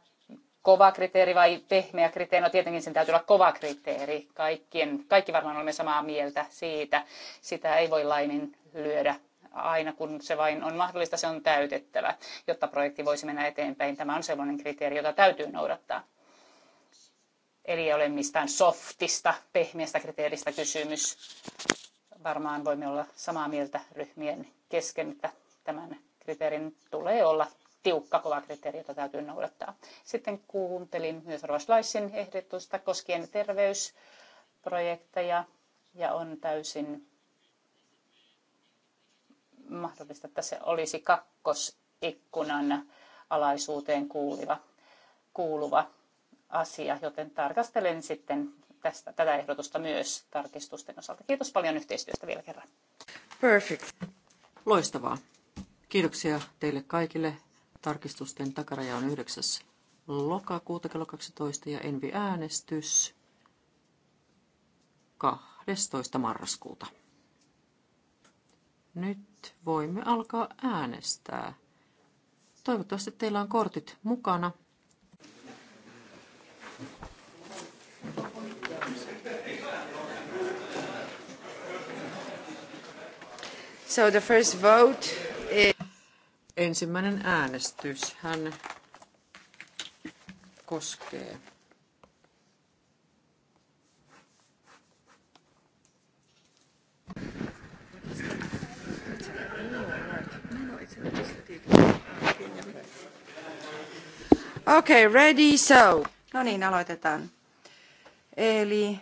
kova kriteeri vai pehmeä kriteeri. No tietenkin sen täytyy olla kova kriteeri. Kaikkien, kaikki varmaan olemme samaa mieltä siitä. Sitä ei voi lainin lyödä aina kun se vain on mahdollista, se on täytettävä, jotta projekti voisi mennä eteenpäin. Tämä on sellainen kriteeri, jota täytyy noudattaa. Eli ei ole mistään softista, pehmeästä kriteeristä kysymys varmaan voimme olla samaa mieltä ryhmien kesken, että tämän kriteerin tulee olla tiukka, kova kriteeri, jota täytyy noudattaa. Sitten kuuntelin myös Roslaisin ehdotusta koskien terveysprojekteja ja on täysin mahdollista, että se olisi kakkosikkunan alaisuuteen kuuluva, kuuluva asia, joten tarkastelen sitten tästä, tätä ehdotusta myös tarkistusten osalta. Kiitos paljon yhteistyöstä vielä kerran. Perfect. Loistavaa. Kiitoksia teille kaikille. Tarkistusten takaraja on 9. lokakuuta kello 12 ja Envi-äänestys 12. marraskuuta. Nyt voimme alkaa äänestää. Toivottavasti teillä on kortit mukana. So the first vote is... Ensimmäinen äänestys hän koskee Okay, ready, so. No niin, aloitetaan. Eli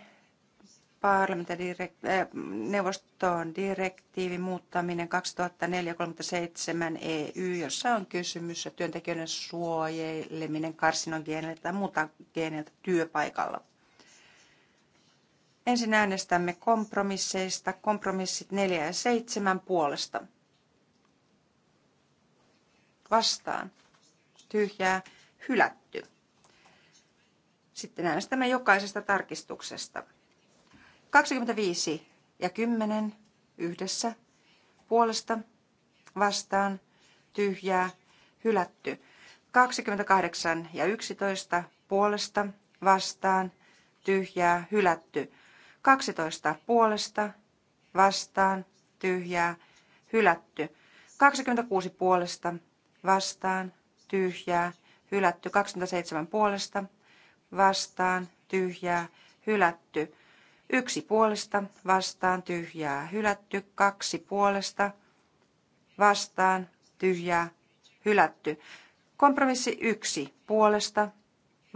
parlamentin äh, neuvoston direktiivin muuttaminen 2004-37 EU, jossa on kysymys työntekijöiden suojeleminen karsinogeeniltä tai muuta geeniltä työpaikalla. Ensin äänestämme kompromisseista, kompromissit 4 ja 7 puolesta. Vastaan. Tyhjää. Hylätty. Sitten äänestämme jokaisesta tarkistuksesta. 25 ja 10 yhdessä puolesta vastaan tyhjää hylätty. 28 ja 11 puolesta vastaan tyhjää hylätty. 12 puolesta vastaan tyhjää hylätty. 26 puolesta vastaan tyhjää hylätty. 27 puolesta vastaan tyhjää hylätty. Yksi puolesta vastaan tyhjää hylätty. Kaksi puolesta vastaan tyhjää hylätty. Kompromissi yksi puolesta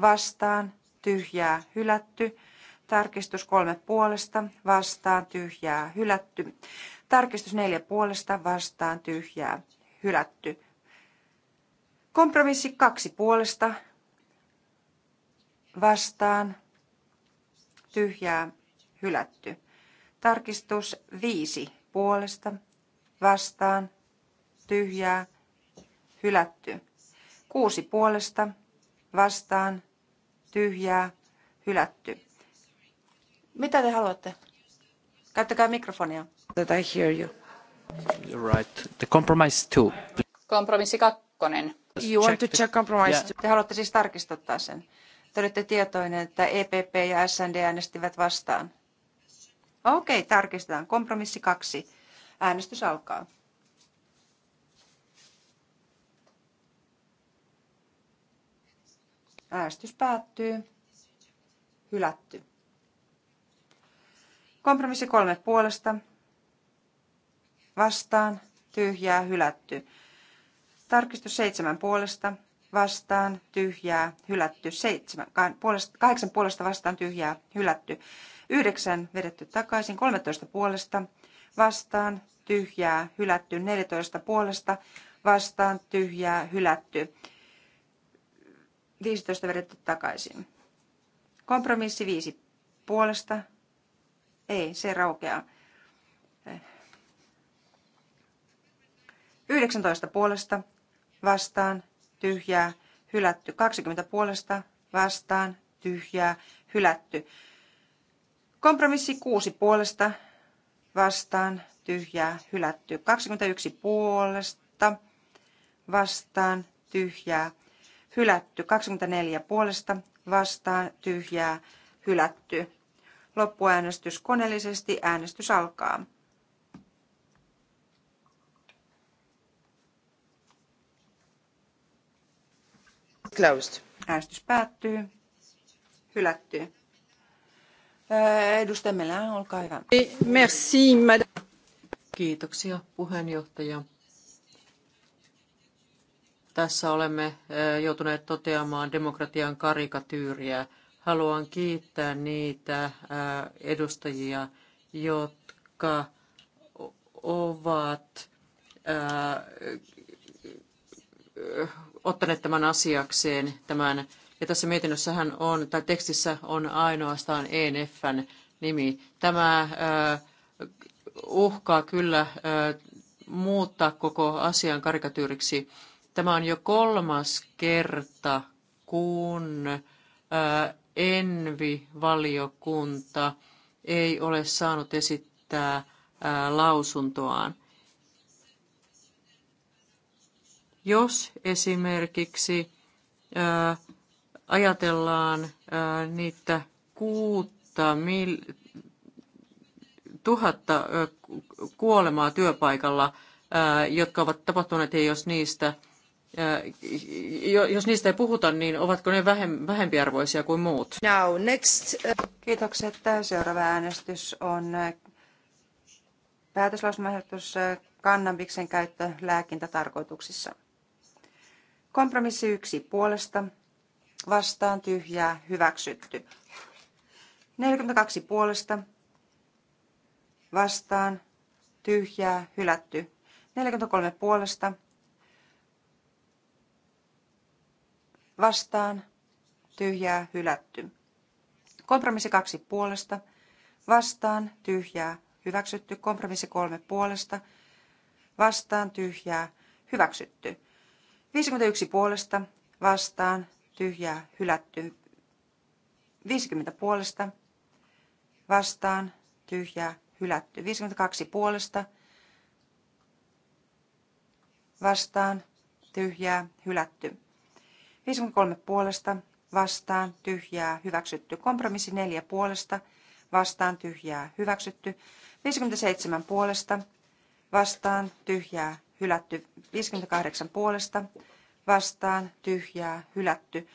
vastaan tyhjää hylätty. Tarkistus kolme puolesta vastaan tyhjää hylätty. Tarkistus neljä puolesta vastaan tyhjää hylätty. Kompromissi kaksi puolesta vastaan tyhjää hylätty. Tarkistus 5 puolesta vastaan tyhjää hylätty. 6 puolesta vastaan tyhjää hylätty. Mitä te haluatte? Käyttäkää mikrofonia. That I hear you. You're right. The compromise two. Kompromissi kakkonen. You want to check compromise yeah. two. Te haluatte siis tarkistuttaa sen. Te olette tietoinen, että EPP ja SND äänestivät vastaan. Okei, okay, tarkistetaan. Kompromissi kaksi. Äänestys alkaa. Äänestys päättyy. Hylätty. Kompromissi kolme puolesta. Vastaan. Tyhjää. Hylätty. Tarkistus seitsemän puolesta. Vastaan. Tyhjää. Hylätty. Seitsemän, kahdeksan puolesta vastaan. Tyhjää. Hylätty. Yhdeksän vedetty takaisin, 13 puolesta vastaan tyhjää hylätty, 14 puolesta vastaan tyhjää hylätty, 15 vedetty takaisin. Kompromissi 5 puolesta, ei se raukeaa. 19 puolesta vastaan tyhjää hylätty, 20 puolesta vastaan tyhjää hylätty. Kompromissi kuusi puolesta vastaan tyhjää hylätty. 21 puolesta vastaan tyhjää hylätty. 24 puolesta vastaan tyhjää hylätty. Loppuäänestys koneellisesti. Äänestys alkaa. Closed. Äänestys päättyy. Hylätty. Eh, edustaja Melään, olkaa hyvä. Merci, madame. Kiitoksia puheenjohtaja. Tässä olemme eh, joutuneet toteamaan demokratian karikatyyriä. Haluan kiittää niitä eh, edustajia, jotka ovat ottaneet tämän asiakseen, tämän ja tässä mietinnössähän on, tai tekstissä on ainoastaan ENFn nimi. Tämä uhkaa kyllä muuttaa koko asian karikatyyriksi. Tämä on jo kolmas kerta, kun Envi-valiokunta ei ole saanut esittää lausuntoaan. Jos esimerkiksi ajatellaan ää, niitä kuutta mil, tuhatta ää, kuolemaa työpaikalla, ää, jotka ovat tapahtuneet, ja jos niistä, ää, jos niistä ei puhuta, niin ovatko ne vähem, vähempiarvoisia kuin muut? Now, next. Kiitokset. Seuraava äänestys on päätöslausumaehdotus kannabiksen käyttö lääkintätarkoituksissa. Kompromissi yksi puolesta vastaan tyhjää hyväksytty. 42 puolesta vastaan tyhjää hylätty. 43 puolesta vastaan tyhjää hylätty. Kompromissi 2 puolesta vastaan tyhjää hyväksytty. Kompromissi 3 puolesta vastaan tyhjää hyväksytty. 51 puolesta vastaan tyhjää hylätty. 50 puolesta vastaan tyhjää hylätty. 52 puolesta vastaan tyhjää hylätty. 53 puolesta vastaan tyhjää hyväksytty. Kompromissi 4 puolesta vastaan tyhjää hyväksytty. 57 puolesta vastaan tyhjää hylätty. 58 puolesta vastaan, tyhjää, hylätty.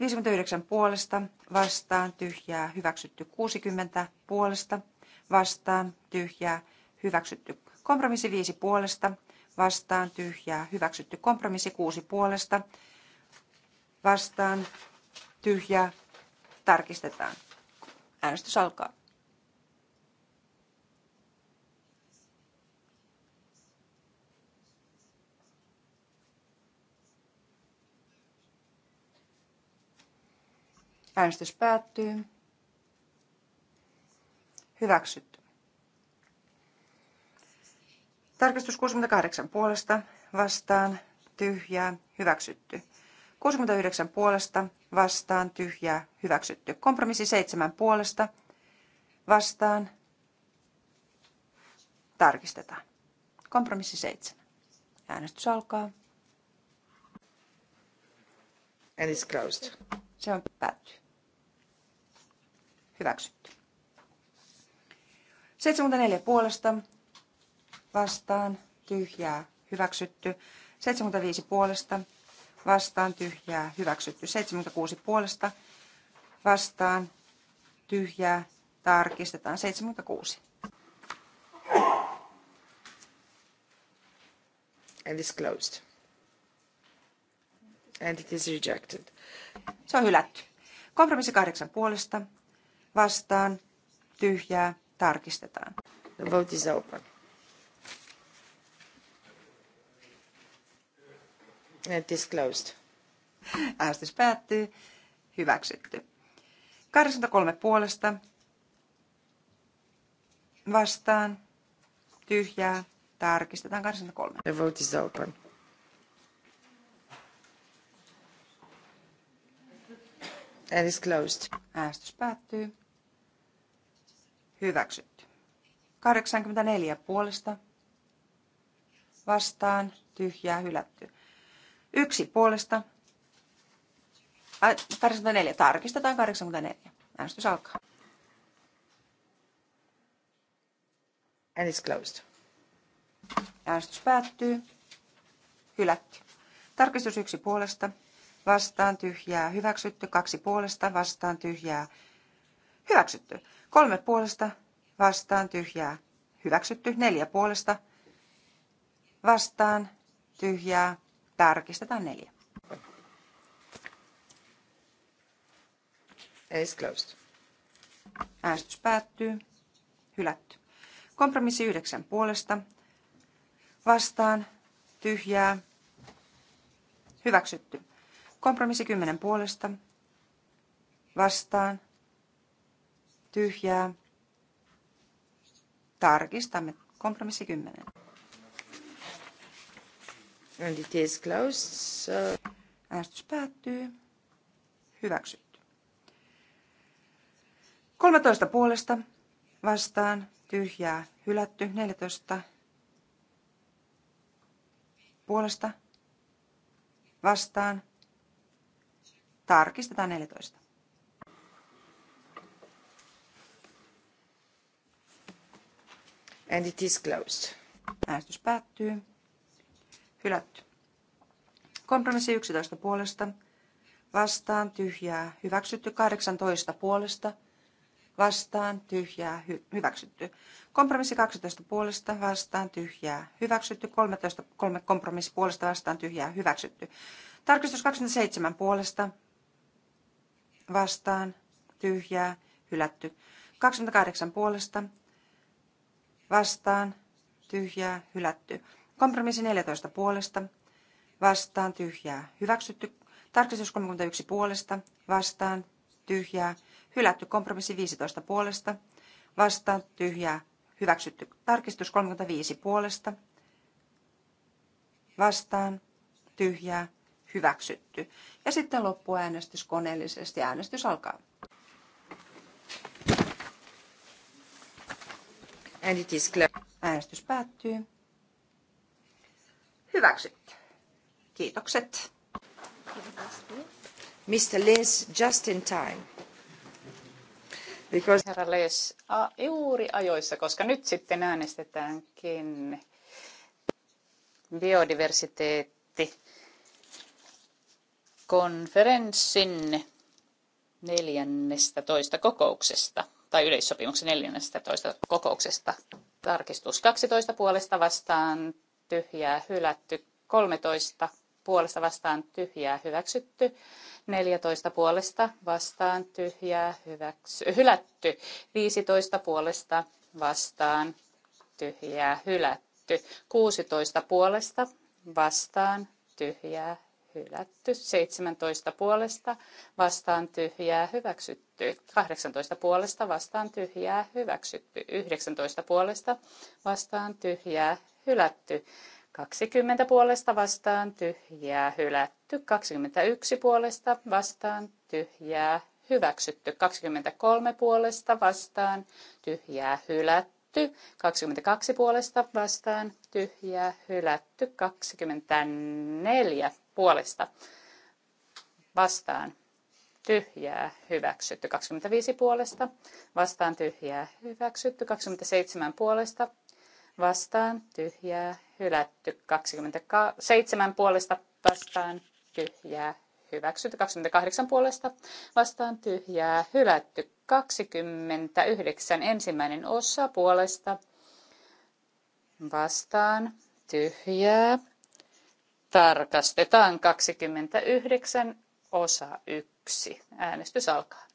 59 puolesta, vastaan, tyhjää, hyväksytty. 60 puolesta, vastaan, tyhjää, hyväksytty. Kompromissi 5 puolesta, vastaan, tyhjää, hyväksytty. Kompromissi 6 puolesta, vastaan, tyhjää, tarkistetaan. Äänestys alkaa. Äänestys päättyy. Hyväksytty. Tarkistus 68 puolesta vastaan tyhjää hyväksytty. 69 puolesta vastaan tyhjää hyväksytty. Kompromissi 7 puolesta vastaan tarkistetaan. Kompromissi 7. Äänestys alkaa. And it's closed. Se on päättyy. Hyväksytty. 74 puolesta vastaan tyhjää hyväksytty. 75 puolesta vastaan tyhjää hyväksytty. 76 puolesta vastaan tyhjää tarkistetaan 76. And is closed. And it is rejected. Se on hylätty. Kompromissi kahdeksan puolesta vastaan, tyhjää, tarkistetaan. The vote is open. It is closed. Äänestys päättyy. Hyväksytty. 83 puolesta. Vastaan. Tyhjää. Tarkistetaan 83. The vote is open. It is closed. Äänestys päättyy. Hyväksytty. 84 puolesta. Vastaan. Tyhjää. Hylätty. Yksi puolesta. 84. Tarkistetaan 84. Äänestys alkaa. And it's closed. Äänestys päättyy. Hylätty. Tarkistus yksi puolesta. Vastaan tyhjää. Hyväksytty. Kaksi puolesta. Vastaan tyhjää. Hyväksytty. Kolme puolesta vastaan tyhjää. Hyväksytty. Neljä puolesta vastaan tyhjää. Tarkistetaan neljä. Is closed. Äänestys päättyy. Hylätty. Kompromissi yhdeksän puolesta. Vastaan. Tyhjää. Hyväksytty. Kompromissi kymmenen puolesta. Vastaan tyhjää. Tarkistamme. Kompromissi 10. And it is closed, so... Äänestys päättyy. Hyväksytty. 13 puolesta vastaan tyhjää hylätty. 14 puolesta vastaan. Tarkistetaan 14. And it is closed. Äänestys päättyy. Hylätty. Kompromissi 11 puolesta. Vastaan tyhjää. Hyväksytty 18 puolesta. Vastaan tyhjää. Hy- hyväksytty. Kompromissi 12 puolesta. Vastaan tyhjää. Hyväksytty 13. Kolme kompromissi puolesta. Vastaan tyhjää. Hyväksytty. Tarkistus 27 puolesta. Vastaan tyhjää. Hylätty. 28 puolesta vastaan, tyhjää, hylätty. Kompromissi 14 puolesta, vastaan, tyhjää, hyväksytty. Tarkistus 31 puolesta, vastaan, tyhjää, hylätty. Kompromissi 15 puolesta, vastaan, tyhjää, hyväksytty. Tarkistus 35 puolesta, vastaan, tyhjää, hyväksytty. Ja sitten loppuäänestys koneellisesti. Äänestys alkaa. And it is Äänestys päättyy. Hyväksytty. Kiitokset. Mr. Lins, just in time. Because... Herra Lees, a, juuri ajoissa, koska nyt sitten äänestetäänkin biodiversiteetti konferenssin 14. kokouksesta tai yleissopimuksen 14. kokouksesta. Tarkistus 12 puolesta vastaan tyhjää hylätty, 13 puolesta vastaan tyhjää hyväksytty, 14 puolesta vastaan tyhjää hyväksy, hylätty, 15 puolesta vastaan tyhjää hylätty, 16 puolesta vastaan tyhjää hylätty, 17 puolesta vastaan tyhjää hyväksytty, 18 puolesta vastaan tyhjää hyväksytty, 19 puolesta vastaan tyhjää hylätty, 20 puolesta vastaan tyhjää hylätty, 21 puolesta vastaan tyhjää hyväksytty, 23 puolesta vastaan tyhjää hylätty hylätty, 22 puolesta vastaan tyhjää, hylätty, 24 puolesta vastaan tyhjää hyväksytty 25 puolesta, vastaan tyhjää hyväksytty 27 puolesta, vastaan tyhjää hylätty 27 puolesta, vastaan tyhjää hyväksytty 28 puolesta, vastaan tyhjää hylätty 29 ensimmäinen osa puolesta, vastaan tyhjää Tarkastetaan 29 osa 1. Äänestys alkaa.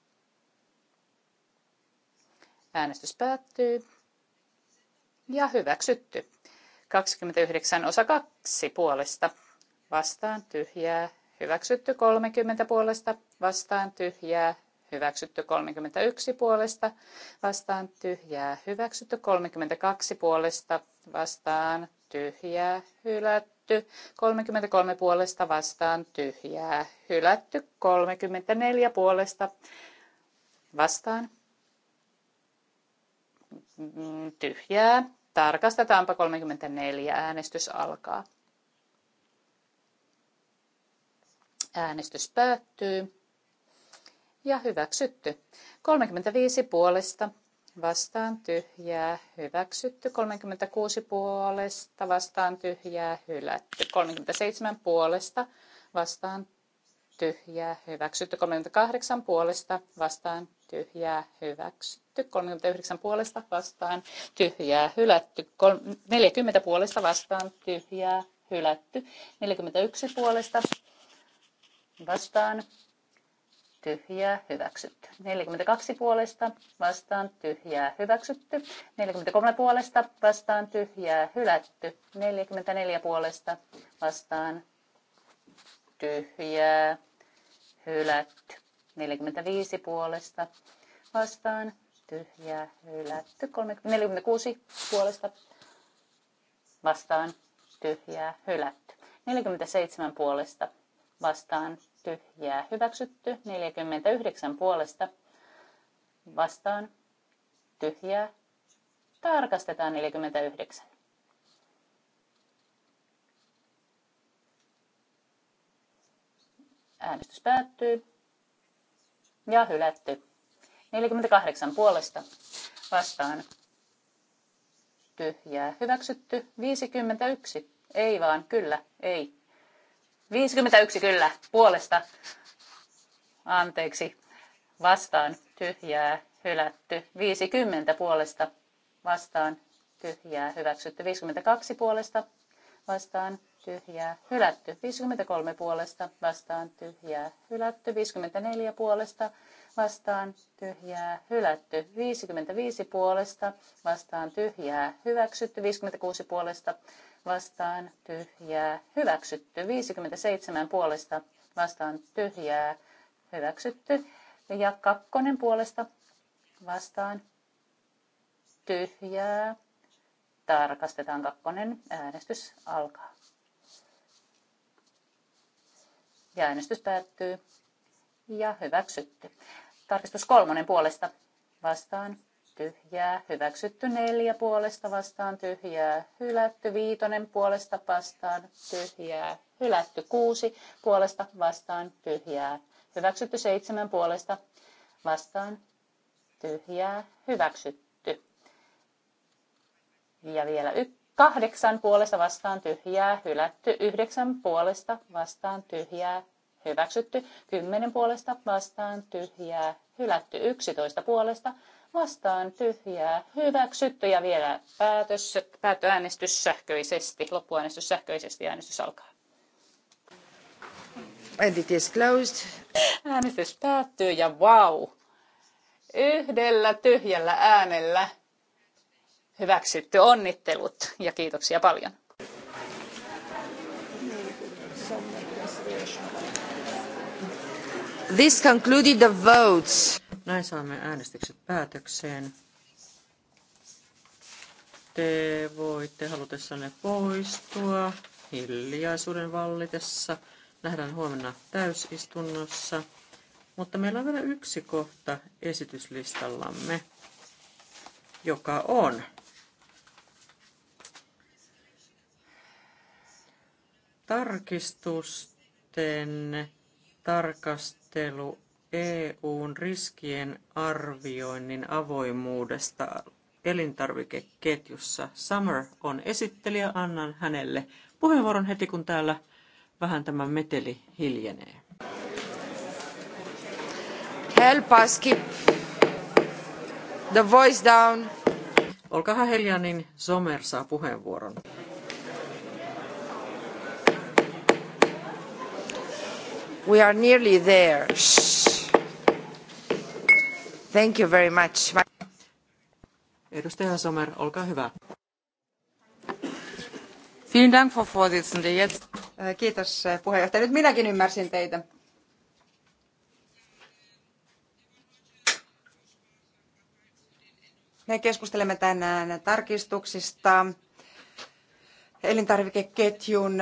Äänestys päättyy. Ja hyväksytty. 29 osa 2 puolesta. Vastaan tyhjää. Hyväksytty 30 puolesta. Vastaan tyhjää. Hyväksytty 31 puolesta. Vastaan tyhjää. Hyväksytty 32 puolesta. Vastaan tyhjää. Hylätty hylätty, 33 puolesta vastaan tyhjää, hylätty, 34 puolesta vastaan tyhjää. Tarkastetaanpa 34, äänestys alkaa. Äänestys päättyy ja hyväksytty. 35 puolesta vastaan tyhjää hyväksytty, 36 puolesta vastaan tyhjää hylätty, 37 puolesta vastaan tyhjää hyväksytty, 38 puolesta vastaan tyhjää hyväksytty, 39 puolesta vastaan tyhjää hylätty, 40 puolesta vastaan tyhjää hylätty, 41 puolesta vastaan tyhjää, hyväksytty. 42 puolesta vastaan tyhjää, hyväksytty. 43 puolesta vastaan tyhjää, hylätty. 44 puolesta vastaan tyhjää, hylätty. 45 puolesta vastaan tyhjää, hylätty. 46 puolesta vastaan tyhjää, hylätty. 47 puolesta vastaan tyhjää hyväksytty. 49 puolesta vastaan tyhjää. Tarkastetaan 49. Äänestys päättyy. Ja hylätty. 48 puolesta vastaan tyhjää. Hyväksytty 51. Ei vaan, kyllä, ei. 51 kyllä puolesta. Anteeksi. Vastaan tyhjää hylätty. 50 puolesta vastaan tyhjää hyväksytty. 52 puolesta vastaan tyhjää hylätty. 53 puolesta vastaan tyhjää hylätty. 54 puolesta vastaan tyhjää hylätty. 55 puolesta vastaan tyhjää hyväksytty. 56 puolesta vastaan tyhjää hyväksytty. 57 puolesta vastaan tyhjää hyväksytty. Ja kakkonen puolesta vastaan tyhjää. Tarkastetaan kakkonen. Äänestys alkaa. Ja äänestys päättyy. Ja hyväksytty. Tarkistus kolmonen puolesta vastaan tyhjää, hyväksytty neljä puolesta vastaan tyhjää, hylätty viitonen puolesta vastaan tyhjää, hylätty kuusi puolesta vastaan tyhjää, hyväksytty seitsemän puolesta vastaan tyhjää, hyväksytty. Ja vielä y- kahdeksan puolesta vastaan tyhjää, hylätty yhdeksän puolesta vastaan tyhjää, hyväksytty kymmenen puolesta vastaan tyhjää, hylätty yksitoista puolesta vastaan tyhjää hyväksytty ja vielä päätös, päätöäänestys sähköisesti, loppuäänestys sähköisesti äänestys alkaa. And it is closed. Äänestys päättyy ja vau! Wow, yhdellä tyhjällä äänellä hyväksytty onnittelut ja kiitoksia paljon. This concluded the votes. Näin saamme äänestykset päätökseen. Te voitte halutessanne poistua hiljaisuuden vallitessa. Nähdään huomenna täysistunnossa. Mutta meillä on vielä yksi kohta esityslistallamme, joka on tarkistusten tarkastelu EUn riskien arvioinnin avoimuudesta elintarvikeketjussa. Summer on esittelijä, annan hänelle puheenvuoron heti, kun täällä vähän tämä meteli hiljenee. Help us keep the voice down. Olkaa hiljaa, niin Sommer saa puheenvuoron. We are nearly there. Shh. Thank you very much. Edustaja Sommer, olkaa hyvä. Vielen Dank, Frau Vorsitzende. Jetzt... Äh, kiitos äh, puheenjohtaja. Nyt minäkin ymmärsin teitä. Me keskustelemme tänään tarkistuksista elintarvikeketjun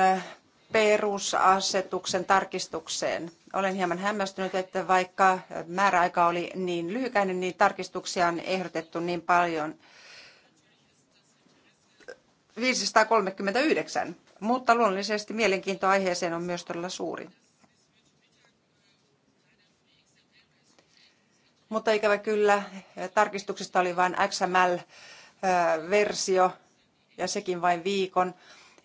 perusasetuksen tarkistukseen. Olen hieman hämmästynyt, että vaikka määräaika oli niin lyhykäinen, niin tarkistuksia on ehdotettu niin paljon. 539, mutta luonnollisesti mielenkiinto aiheeseen on myös todella suuri. Mutta ikävä kyllä, tarkistuksista oli vain XML-versio ja sekin vain viikon.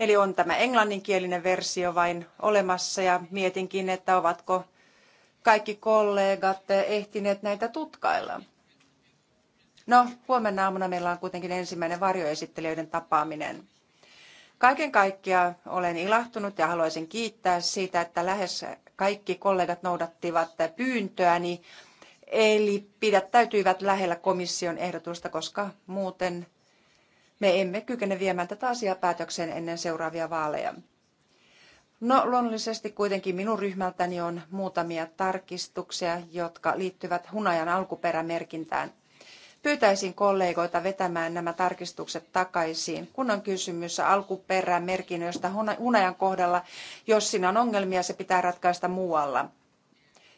Eli on tämä englanninkielinen versio vain olemassa ja mietinkin, että ovatko kaikki kollegat ehtineet näitä tutkailla. No, huomenna aamuna meillä on kuitenkin ensimmäinen varjoesittelijöiden tapaaminen. Kaiken kaikkiaan olen ilahtunut ja haluaisin kiittää siitä, että lähes kaikki kollegat noudattivat pyyntöäni, eli pidättäytyivät lähellä komission ehdotusta, koska muuten me emme kykene viemään tätä asiaa päätökseen ennen seuraavia vaaleja. No luonnollisesti kuitenkin minun ryhmältäni on muutamia tarkistuksia, jotka liittyvät hunajan alkuperämerkintään. Pyytäisin kollegoita vetämään nämä tarkistukset takaisin, kun on kysymys alkuperämerkinnöistä hunajan kohdalla. Jos siinä on ongelmia, se pitää ratkaista muualla.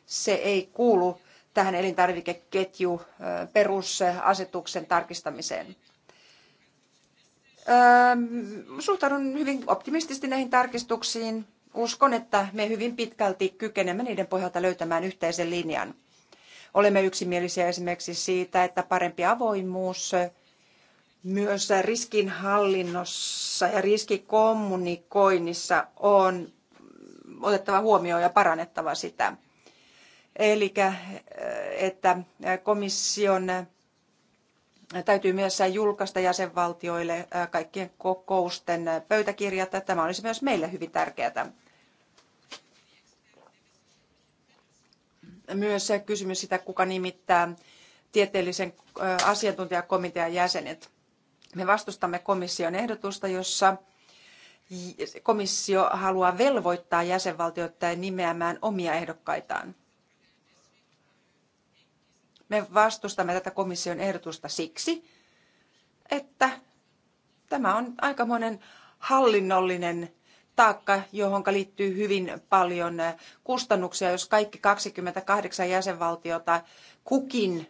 Se ei kuulu tähän elintarvikeketju perusasetuksen tarkistamiseen. Suhtaudun hyvin optimistisesti näihin tarkistuksiin. Uskon, että me hyvin pitkälti kykenemme niiden pohjalta löytämään yhteisen linjan. Olemme yksimielisiä esimerkiksi siitä, että parempi avoimuus myös riskinhallinnossa ja riskikommunikoinnissa on otettava huomioon ja parannettava sitä. Eli äh, että komission Täytyy myös julkaista jäsenvaltioille kaikkien kokousten pöytäkirjat. Tämä olisi myös meille hyvin tärkeää. Myös kysymys sitä, kuka nimittää tieteellisen asiantuntijakomitean jäsenet. Me vastustamme komission ehdotusta, jossa komissio haluaa velvoittaa jäsenvaltioita nimeämään omia ehdokkaitaan. Me vastustamme tätä komission ehdotusta siksi, että tämä on aikamoinen hallinnollinen taakka, johon liittyy hyvin paljon äh, kustannuksia, jos kaikki 28 jäsenvaltiota kukin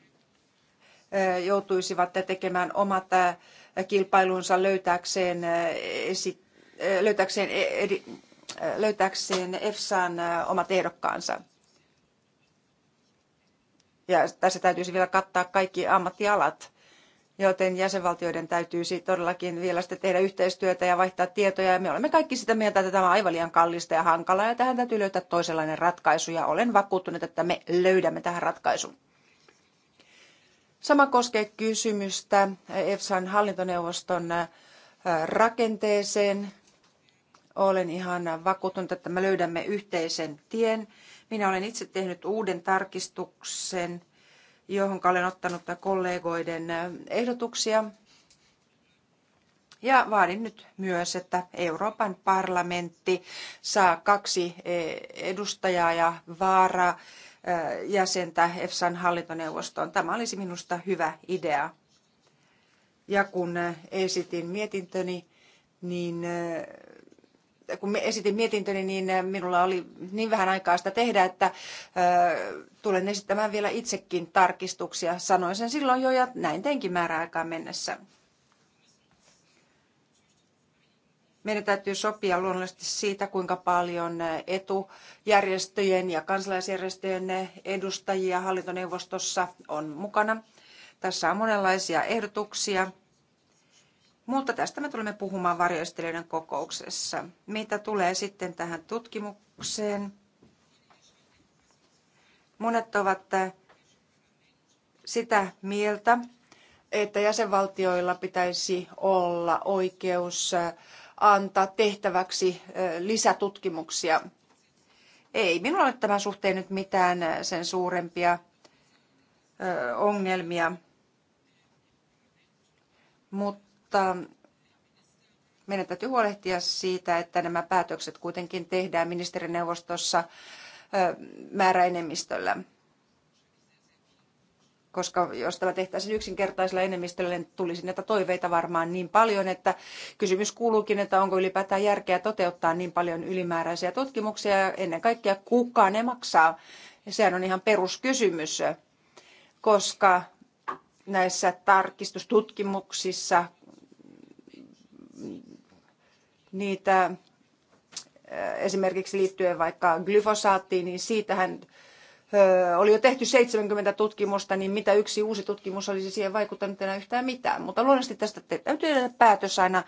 äh, joutuisivat tekemään omat äh, kilpailunsa löytääkseen, esi- löytääkseen, e-, löytääkseen EFSAn omat ehdokkaansa ja tässä täytyisi vielä kattaa kaikki ammattialat, joten jäsenvaltioiden täytyisi todellakin vielä sitten tehdä yhteistyötä ja vaihtaa tietoja. Ja me olemme kaikki sitä mieltä, että tämä on aivan liian kallista ja hankalaa ja tähän täytyy löytää toisenlainen ratkaisu ja olen vakuuttunut, että me löydämme tähän ratkaisun. Sama koskee kysymystä EFSAn hallintoneuvoston äh, rakenteeseen. Olen ihan vakuuttunut, että me löydämme yhteisen tien minä olen itse tehnyt uuden tarkistuksen, johon olen ottanut kollegoiden äh, ehdotuksia. Ja vaadin nyt myös, että Euroopan parlamentti saa kaksi eh, edustajaa ja vaara eh, jäsentä EFSAn hallintoneuvostoon. Tämä olisi minusta hyvä idea. Ja kun eh, esitin mietintöni, niin kun esitin mietintöni, niin äh, minulla oli niin vähän aikaa sitä tehdä, että äh, tulen esittämään vielä itsekin tarkistuksia. Sanoin sen silloin jo ja näin teinkin määräaikaan mennessä. Meidän täytyy sopia luonnollisesti siitä, kuinka paljon äh, etujärjestöjen ja kansalaisjärjestöjen edustajia hallintoneuvostossa on mukana. Tässä on monenlaisia ehdotuksia mutta tästä me tulemme puhumaan varjoistelijoiden kokouksessa. Mitä tulee sitten tähän tutkimukseen? Monet ovat äh, sitä mieltä, että jäsenvaltioilla pitäisi olla oikeus äh, antaa tehtäväksi äh, lisätutkimuksia. Ei minulla ole tämän suhteen nyt mitään sen suurempia ongelmia, mutta mutta meidän täytyy huolehtia siitä, että nämä päätökset kuitenkin tehdään ministerineuvostossa määräenemmistöllä. Koska jos tämä tehtäisiin yksinkertaisella enemmistöllä, niin tulisi näitä toiveita varmaan niin paljon, että kysymys kuuluukin, että onko ylipäätään järkeä toteuttaa niin paljon ylimääräisiä tutkimuksia ja ennen kaikkea kuka ne maksaa. Ja sehän on ihan peruskysymys, koska näissä tarkistustutkimuksissa niitä äh, esimerkiksi liittyen vaikka glyfosaattiin, niin siitähän oli jo tehty 70 tutkimusta, niin mitä yksi uusi tutkimus olisi siihen vaikuttanut enää yhtään mitään. Mutta luonnollisesti tästä täytyy tehdä päätös aina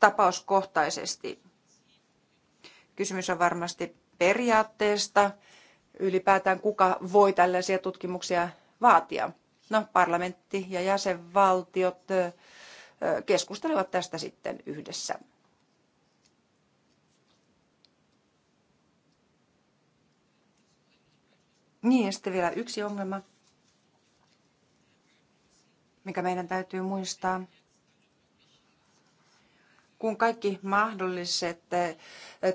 tapauskohtaisesti. Kysymys on varmasti periaatteesta, ylipäätään kuka voi tällaisia tutkimuksia vaatia. No, parlamentti ja jäsenvaltiot keskustelevat tästä sitten yhdessä. Niin, ja sitten vielä yksi ongelma, mikä meidän täytyy muistaa. Kun kaikki mahdolliset eh,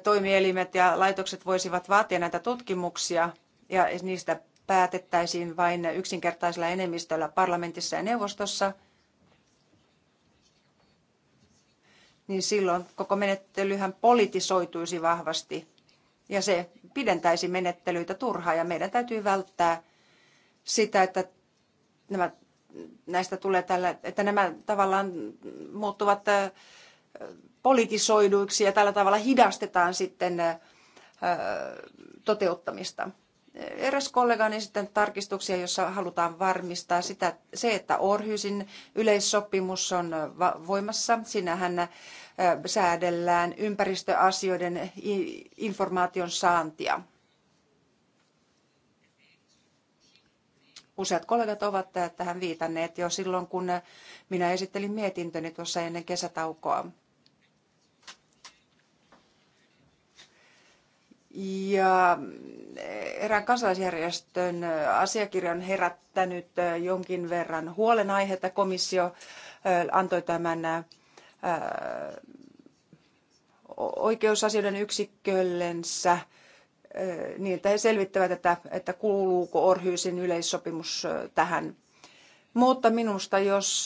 toimielimet ja laitokset voisivat vaatia näitä tutkimuksia ja niistä päätettäisiin vain yksinkertaisella enemmistöllä parlamentissa ja neuvostossa, niin silloin koko menettelyhän politisoituisi vahvasti. Ja se pidentäisi menettelyitä turhaan ja meidän täytyy välttää sitä, että nämä, näistä tulee tällä, että nämä tavallaan muuttuvat äh, politisoiduiksi ja tällä tavalla hidastetaan sitten äh, toteuttamista. Eräs kollega on esittänyt tarkistuksia, jossa halutaan varmistaa sitä, se, että Orhysin yleissopimus on äh, voimassa. Siinähän säädellään ympäristöasioiden informaation saantia. Useat kollegat ovat tähän viitanneet jo silloin, kun minä esittelin mietintöni niin tuossa ennen kesätaukoa. Ja erään kansalaisjärjestön asiakirja on herättänyt jonkin verran huolenaihetta. Komissio antoi tämän oikeusasioiden yksikköllensä niin, että he selvittävät, että, että kuuluuko Orhyysin yleissopimus tähän. Mutta minusta, jos,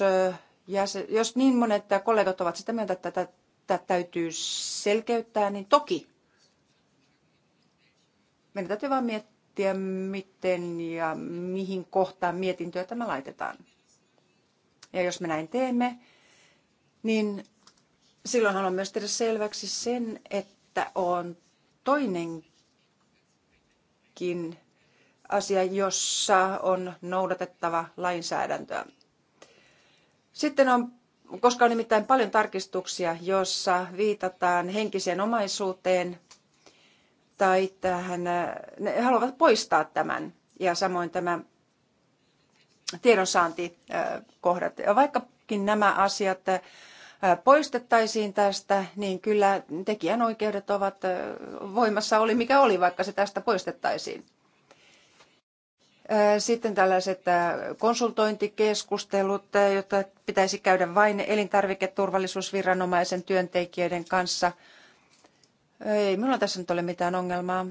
jos niin monet kollegat ovat sitä mieltä, että tätä täytyy selkeyttää, niin toki meidän täytyy vain miettiä, miten ja mihin kohtaan mietintöä tämä laitetaan. Ja jos me näin teemme, niin silloin haluan myös tehdä selväksi sen, että on toinenkin asia, jossa on noudatettava lainsäädäntöä. Sitten on, koska on nimittäin paljon tarkistuksia, jossa viitataan henkiseen omaisuuteen tai tähän, ne haluavat poistaa tämän ja samoin tämä tiedonsaantikohdat. Vaikka kaikki nämä asiat äh, poistettaisiin tästä, niin kyllä tekijänoikeudet ovat äh, voimassa oli mikä oli, vaikka se tästä poistettaisiin. Äh, sitten tällaiset konsultointikeskustelut, joita pitäisi käydä vain elintarviketurvallisuusviranomaisen työntekijöiden kanssa. Ei minulla tässä nyt ole mitään ongelmaa.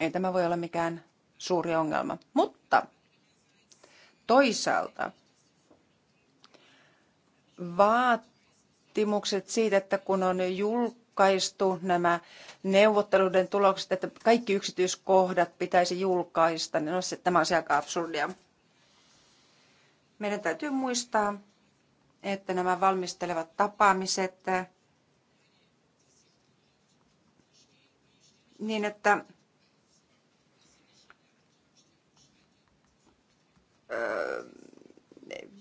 Ei tämä voi olla mikään suuri ongelma. Mutta toisaalta vaatimukset siitä, että kun on julkaistu nämä neuvotteluiden tulokset, että kaikki yksityiskohdat pitäisi julkaista, niin no, se, tämä on aika absurdia. Meidän täytyy muistaa, että nämä valmistelevat tapaamiset, niin että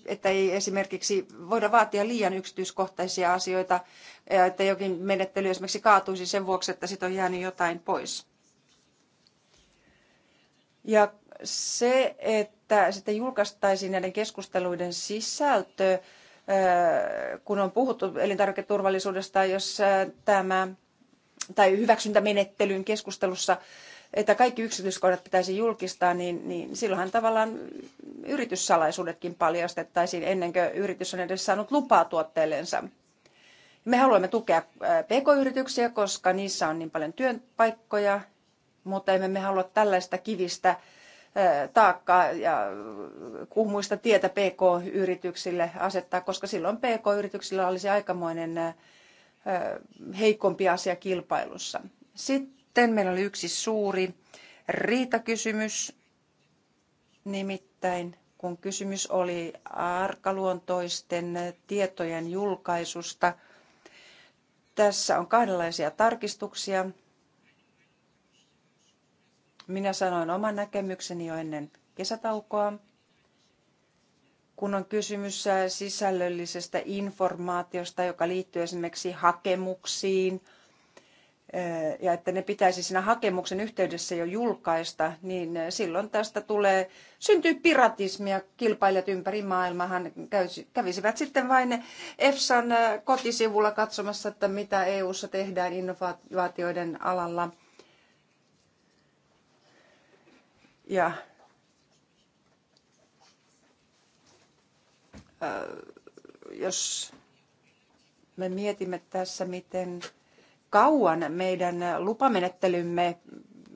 että ei esimerkiksi voida vaatia liian yksityiskohtaisia asioita, että jokin menettely esimerkiksi kaatuisi sen vuoksi, että siitä on jäänyt jotain pois. Ja se, että sitten julkaistaisiin näiden keskusteluiden sisältö, kun on puhuttu elintarviketurvallisuudesta, jos tämä tai hyväksyntämenettelyn keskustelussa että kaikki yksityiskohdat pitäisi julkistaa, niin, niin silloinhan tavallaan yrityssalaisuudetkin paljastettaisiin ennen kuin yritys on edes saanut lupaa tuotteellensa. Me haluamme tukea pk-yrityksiä, koska niissä on niin paljon työpaikkoja, mutta emme me halua tällaista kivistä taakkaa ja kuhmuista tietä pk-yrityksille asettaa, koska silloin pk-yrityksillä olisi aikamoinen heikompi asia kilpailussa. Sitten sitten meillä oli yksi suuri riitakysymys, nimittäin kun kysymys oli arkaluontoisten tietojen julkaisusta. Tässä on kahdenlaisia tarkistuksia. Minä sanoin oman näkemykseni jo ennen kesätaukoa. Kun on kysymys sisällöllisestä informaatiosta, joka liittyy esimerkiksi hakemuksiin – ja että ne pitäisi siinä hakemuksen yhteydessä jo julkaista, niin silloin tästä tulee, syntyy piratismia. Kilpailijat ympäri maailmaa kävisivät sitten vain EFSAn kotisivulla katsomassa, että mitä EU:ssa tehdään innovaatioiden alalla. Ja jos me mietimme tässä, miten kauan meidän lupamenettelymme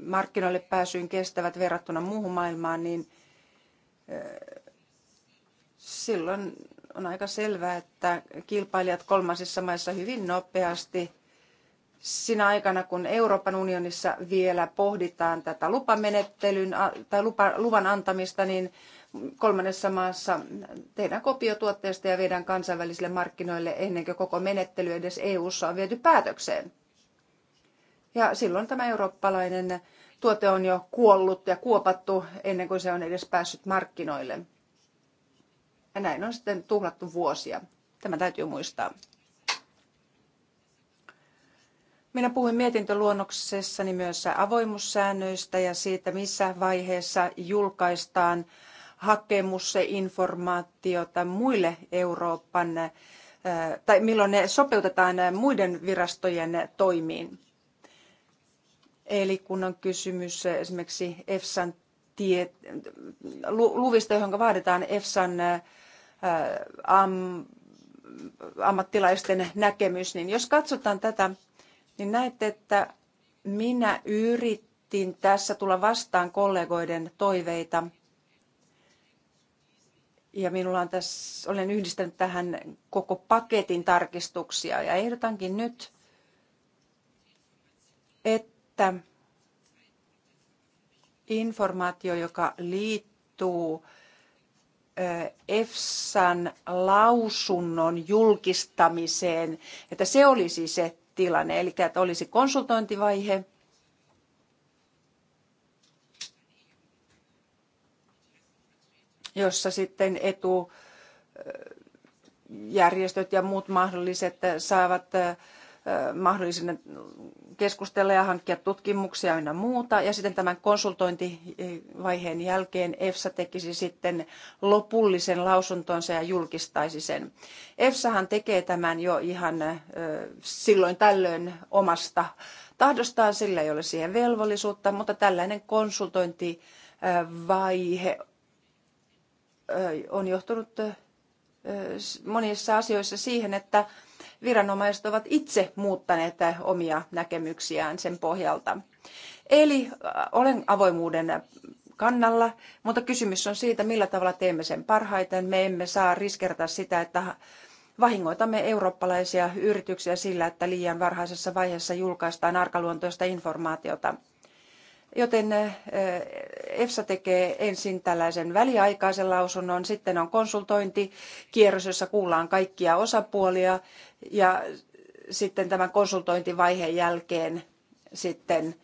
markkinoille pääsyyn kestävät verrattuna muuhun maailmaan, niin silloin on aika selvää, että kilpailijat kolmansissa maissa hyvin nopeasti sinä aikana, kun Euroopan unionissa vielä pohditaan tätä lupamenettelyn tai lupa, luvan antamista, niin kolmannessa maassa tehdään kopio ja viedään kansainvälisille markkinoille ennen kuin koko menettely edes EU:ssa on viety päätökseen. Ja silloin tämä eurooppalainen tuote on jo kuollut ja kuopattu ennen kuin se on edes päässyt markkinoille. Ja näin on sitten tuhlattu vuosia. Tämä täytyy muistaa. Minä puhuin mietintöluonnoksessani myös avoimussäännöistä ja siitä, missä vaiheessa julkaistaan hakemus informaatiota muille Euroopan, tai milloin ne sopeutetaan muiden virastojen toimiin. Eli kun on kysymys esimerkiksi EFSAn tie, luvista, johon vaaditaan EFSAn äh, am, ammattilaisten näkemys, niin jos katsotaan tätä, niin näette, että minä yritin tässä tulla vastaan kollegoiden toiveita. Ja minulla on tässä, olen yhdistänyt tähän koko paketin tarkistuksia ja ehdotankin nyt, että että informaatio, joka liittyy EFSAn lausunnon julkistamiseen, että se olisi se tilanne, eli että olisi konsultointivaihe, jossa sitten etujärjestöt ja muut mahdolliset saavat mahdollisena keskustella ja hankkia tutkimuksia ja muuta. Ja sitten tämän konsultointivaiheen jälkeen EFSA tekisi sitten lopullisen lausuntonsa ja julkistaisi sen. EFSAhan tekee tämän jo ihan silloin tällöin omasta tahdostaan, sillä ei ole siihen velvollisuutta, mutta tällainen konsultointivaihe on johtunut monissa asioissa siihen, että viranomaiset ovat itse muuttaneet omia näkemyksiään sen pohjalta. Eli äh, olen avoimuuden kannalla, mutta kysymys on siitä, millä tavalla teemme sen parhaiten. Me emme saa riskerata sitä, että vahingoitamme eurooppalaisia yrityksiä sillä, että liian varhaisessa vaiheessa julkaistaan arkaluontoista informaatiota. Joten eh, eh, EFSA tekee ensin tällaisen väliaikaisen lausunnon, sitten on konsultointikierros, jossa kuullaan kaikkia osapuolia ja sitten tämän konsultointivaiheen jälkeen sitten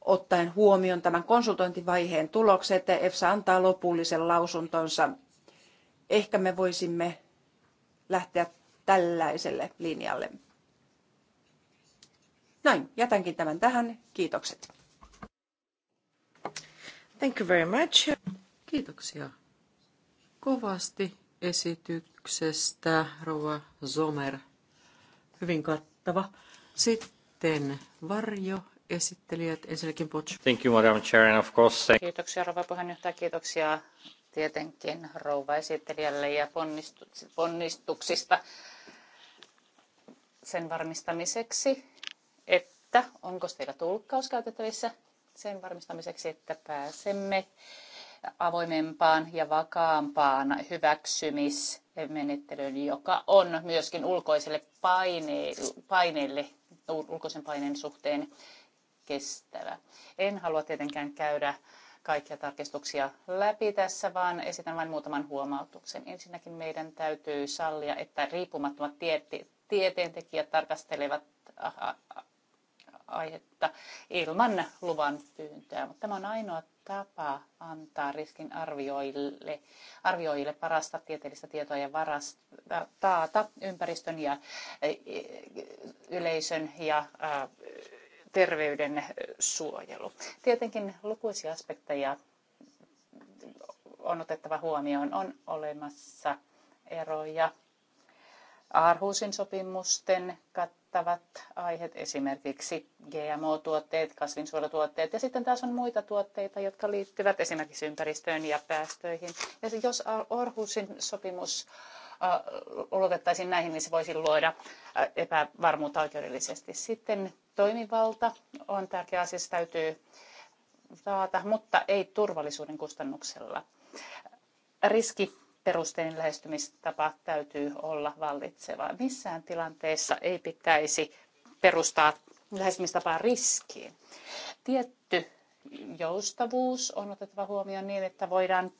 ottaen huomioon tämän konsultointivaiheen tulokset, EFSA antaa lopullisen lausuntonsa. Ehkä me voisimme lähteä tällaiselle linjalle. Näin, jätänkin tämän tähän. Kiitokset. Thank you very much. Kiitoksia kovasti esityksestä, Rova Zomer. Hyvin kattava. Sitten Varjo esittelijät, ensinnäkin Potsch. Thank you, Madam Chair, and of course... Kiitoksia, rouva puheenjohtaja. Kiitoksia tietenkin rouva esittelijälle ja ponnistuksista sen varmistamiseksi, että onko teillä tulkkaus käytettävissä sen varmistamiseksi, että pääsemme avoimempaan ja vakaampaan hyväksymismenettelyyn, joka on myöskin ulkoiselle paine, paineelle, ulkoisen paineen suhteen kestävä. En halua tietenkään käydä kaikkia tarkistuksia läpi tässä, vaan esitän vain muutaman huomautuksen. Ensinnäkin meidän täytyy sallia, että riippumattomat tiete- tieteentekijät tarkastelevat aihetta ilman luvan pyyntöä. Mutta tämä on ainoa tapa antaa riskin arvioille, arvioille parasta tieteellistä tietoa ja varasta, taata ympäristön ja e, e, yleisön ja terveyden suojelu. Tietenkin lukuisia aspekteja on otettava huomioon. On olemassa eroja Aarhusin sopimusten kat- kattavat aiheet, esimerkiksi GMO-tuotteet, kasvinsuolatuotteet ja sitten taas on muita tuotteita, jotka liittyvät esimerkiksi ympäristöön ja päästöihin. Ja jos Orhusin sopimus äh, ulotettaisiin näihin, niin se voisi luoda äh, epävarmuutta oikeudellisesti. Sitten toimivalta on tärkeä asia, se täytyy taata, mutta ei turvallisuuden kustannuksella. Riski perusteinen lähestymistapa täytyy olla vallitseva. Missään tilanteessa ei pitäisi perustaa lähestymistapaa riskiin. Tietty joustavuus on otettava huomioon niin, että voidaan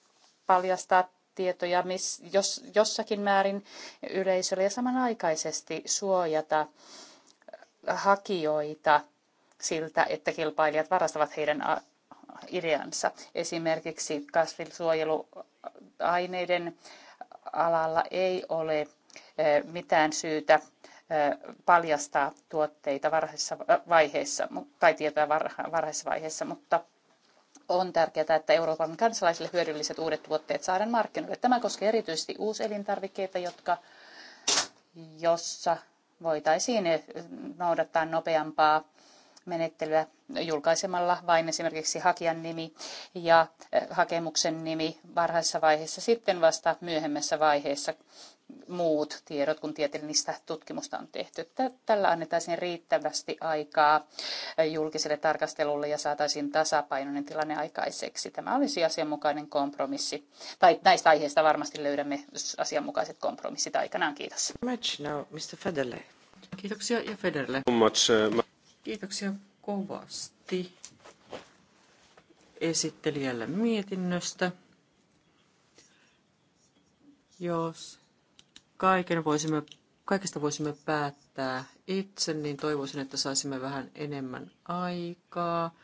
paljastaa tietoja miss, jos, jossakin määrin yleisölle ja samanaikaisesti suojata äh, hakijoita siltä, että kilpailijat varastavat heidän ideansa. Esimerkiksi kasvinsuojeluaineiden alalla ei ole mitään syytä paljastaa tuotteita varhaisessa vaiheessa tai tietoja varhaisessa vaiheessa, mutta on tärkeää, että Euroopan kansalaisille hyödylliset uudet tuotteet saadaan markkinoille. Tämä koskee erityisesti uuselintarvikkeita, jotka, jossa voitaisiin noudattaa nopeampaa menettelyä julkaisemalla vain esimerkiksi hakijan nimi ja eh, hakemuksen nimi varhaisessa vaiheessa, sitten vasta myöhemmässä vaiheessa muut tiedot, kun tieteellistä tutkimusta on tehty. Tällä annettaisiin riittävästi aikaa eh, julkiselle tarkastelulle ja saataisiin tasapainoinen tilanne aikaiseksi. Tämä olisi asianmukainen kompromissi, tai näistä aiheista varmasti löydämme asianmukaiset kompromissit aikanaan. Kiitos. Kiitoksia ja Federle. Kiitoksia kovasti esittelijälle mietinnöstä. Jos kaiken voisimme, kaikesta voisimme päättää itse, niin toivoisin, että saisimme vähän enemmän aikaa,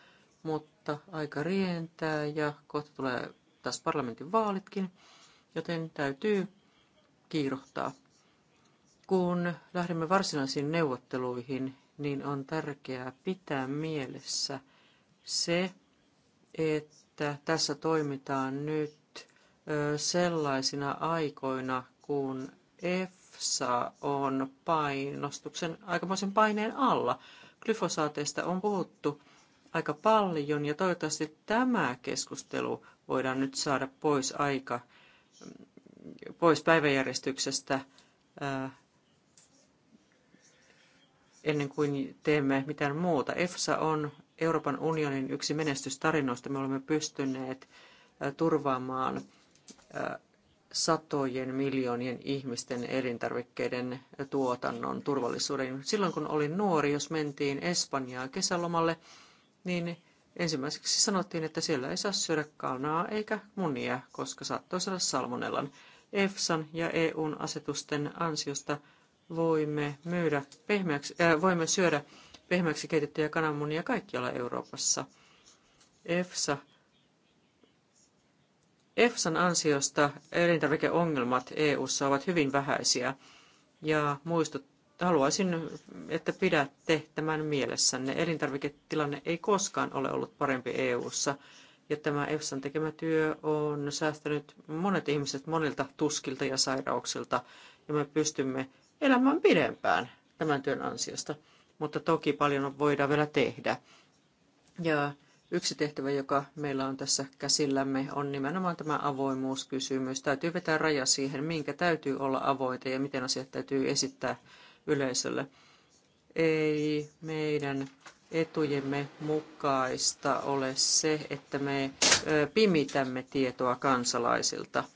mutta aika rientää ja kohta tulee taas parlamentin vaalitkin, joten täytyy kiirohtaa. Kun lähdemme varsinaisiin neuvotteluihin, niin on tärkeää pitää mielessä se, että tässä toimitaan nyt sellaisina aikoina, kun EFSA on painostuksen aikamoisen paineen alla. Glyfosaateista on puhuttu aika paljon ja toivottavasti tämä keskustelu voidaan nyt saada pois aika pois päiväjärjestyksestä ennen kuin teemme mitään muuta. EFSA on Euroopan unionin yksi menestystarinoista. Me olemme pystyneet turvaamaan satojen miljoonien ihmisten elintarvikkeiden tuotannon turvallisuuden. Silloin kun olin nuori, jos mentiin Espanjaan kesälomalle, niin ensimmäiseksi sanottiin, että siellä ei saa syödä kanaa eikä munia, koska saattoi saada salmonellan. EFSAn ja EUn asetusten ansiosta – voimme, myydä pehmeäksi, äh, voimme syödä pehmeäksi keitettyjä kananmunia kaikkialla Euroopassa. EFSA EFSAn ansiosta elintarvikeongelmat EU:ssa ovat hyvin vähäisiä ja muistut, haluaisin, että pidätte tämän mielessänne. Elintarviketilanne ei koskaan ole ollut parempi EU:ssa ja tämä EFSAn tekemä työ on säästänyt monet ihmiset monilta tuskilta ja sairauksilta ja me pystymme elämään pidempään tämän työn ansiosta. Mutta toki paljon voidaan vielä tehdä. Ja yksi tehtävä, joka meillä on tässä käsillämme, on nimenomaan tämä avoimuuskysymys. Täytyy vetää raja siihen, minkä täytyy olla avointa ja miten asiat täytyy esittää yleisölle. Ei meidän etujemme mukaista ole se, että me pimitämme tietoa kansalaisilta –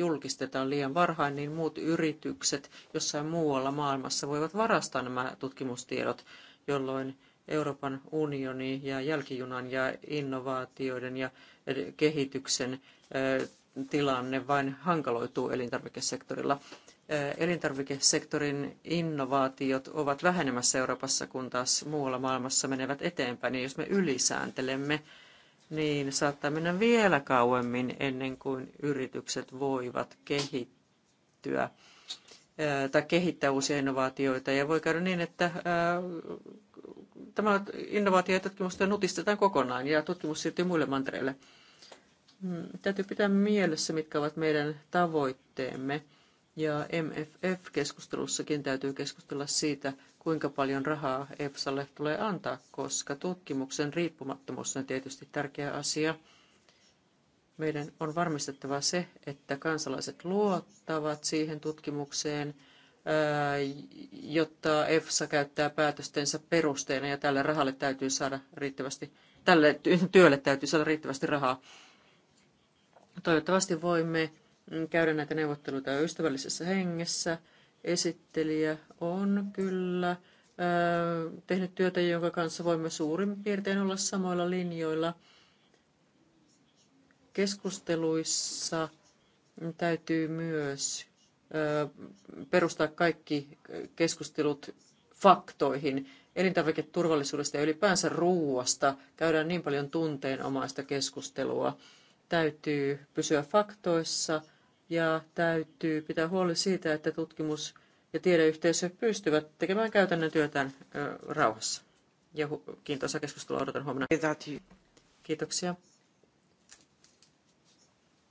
julkistetaan liian varhain, niin muut yritykset jossain muualla maailmassa voivat varastaa nämä tutkimustiedot, jolloin Euroopan unioni ja jälkijunan ja innovaatioiden ja kehityksen tilanne vain hankaloituu elintarvikesektorilla. Elintarvikesektorin innovaatiot ovat vähenemässä Euroopassa, kun taas muualla maailmassa menevät eteenpäin. Ja jos me ylisääntelemme, niin saattaa mennä vielä kauemmin ennen kuin yritykset voivat kehittyä tai kehittää uusia innovaatioita. Ja voi käydä niin, että tämä innovaatio ja tutkimusta nutistetaan kokonaan ja tutkimus siirtyy muille mantereille. Hmm, täytyy pitää mielessä, mitkä ovat meidän tavoitteemme. Ja MFF-keskustelussakin täytyy keskustella siitä, kuinka paljon rahaa EPSalle tulee antaa, koska tutkimuksen riippumattomuus on tietysti tärkeä asia. Meidän on varmistettava se, että kansalaiset luottavat siihen tutkimukseen, jotta EFSA käyttää päätöstensä perusteena ja tälle rahalle täytyy saada riittävästi, tälle työlle täytyy saada riittävästi rahaa. Toivottavasti voimme käydä näitä neuvotteluita ystävällisessä hengessä esittelijä on kyllä tehnyt työtä, jonka kanssa voimme suurin piirtein olla samoilla linjoilla. Keskusteluissa täytyy myös perustaa kaikki keskustelut faktoihin. Elintarviketurvallisuudesta ja ylipäänsä ruuasta käydään niin paljon tunteenomaista keskustelua. Täytyy pysyä faktoissa – ja täytyy pitää huoli siitä, että tutkimus- ja tiedeyhteisö pystyvät tekemään käytännön työtään rauhassa. Ja hu- kiintoisa keskustelua odotan huomenna. Kiitoksia.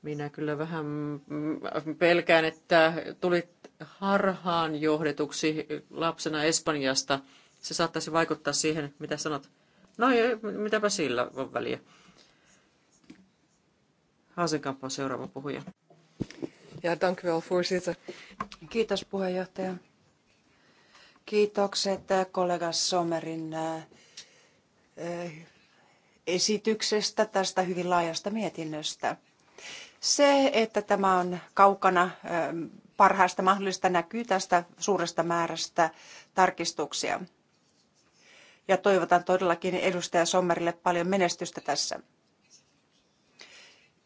Minä kyllä vähän mm, pelkään, että tulit harhaan johdetuksi lapsena Espanjasta. Se saattaisi vaikuttaa siihen, mitä sanot. No ei, mitäpä sillä on väliä. Haasenkamp on seuraava puhuja. Ja, dank u wel, voorzitter. Kiitos puheenjohtaja. Kiitokset eh, kollega Sommerin eh, eh, esityksestä tästä hyvin laajasta mietinnöstä. Se, että tämä on kaukana parhaasta mahdollista, näkyy tästä suuresta määrästä tarkistuksia. Ja toivotan todellakin edustaja Sommerille paljon menestystä tässä.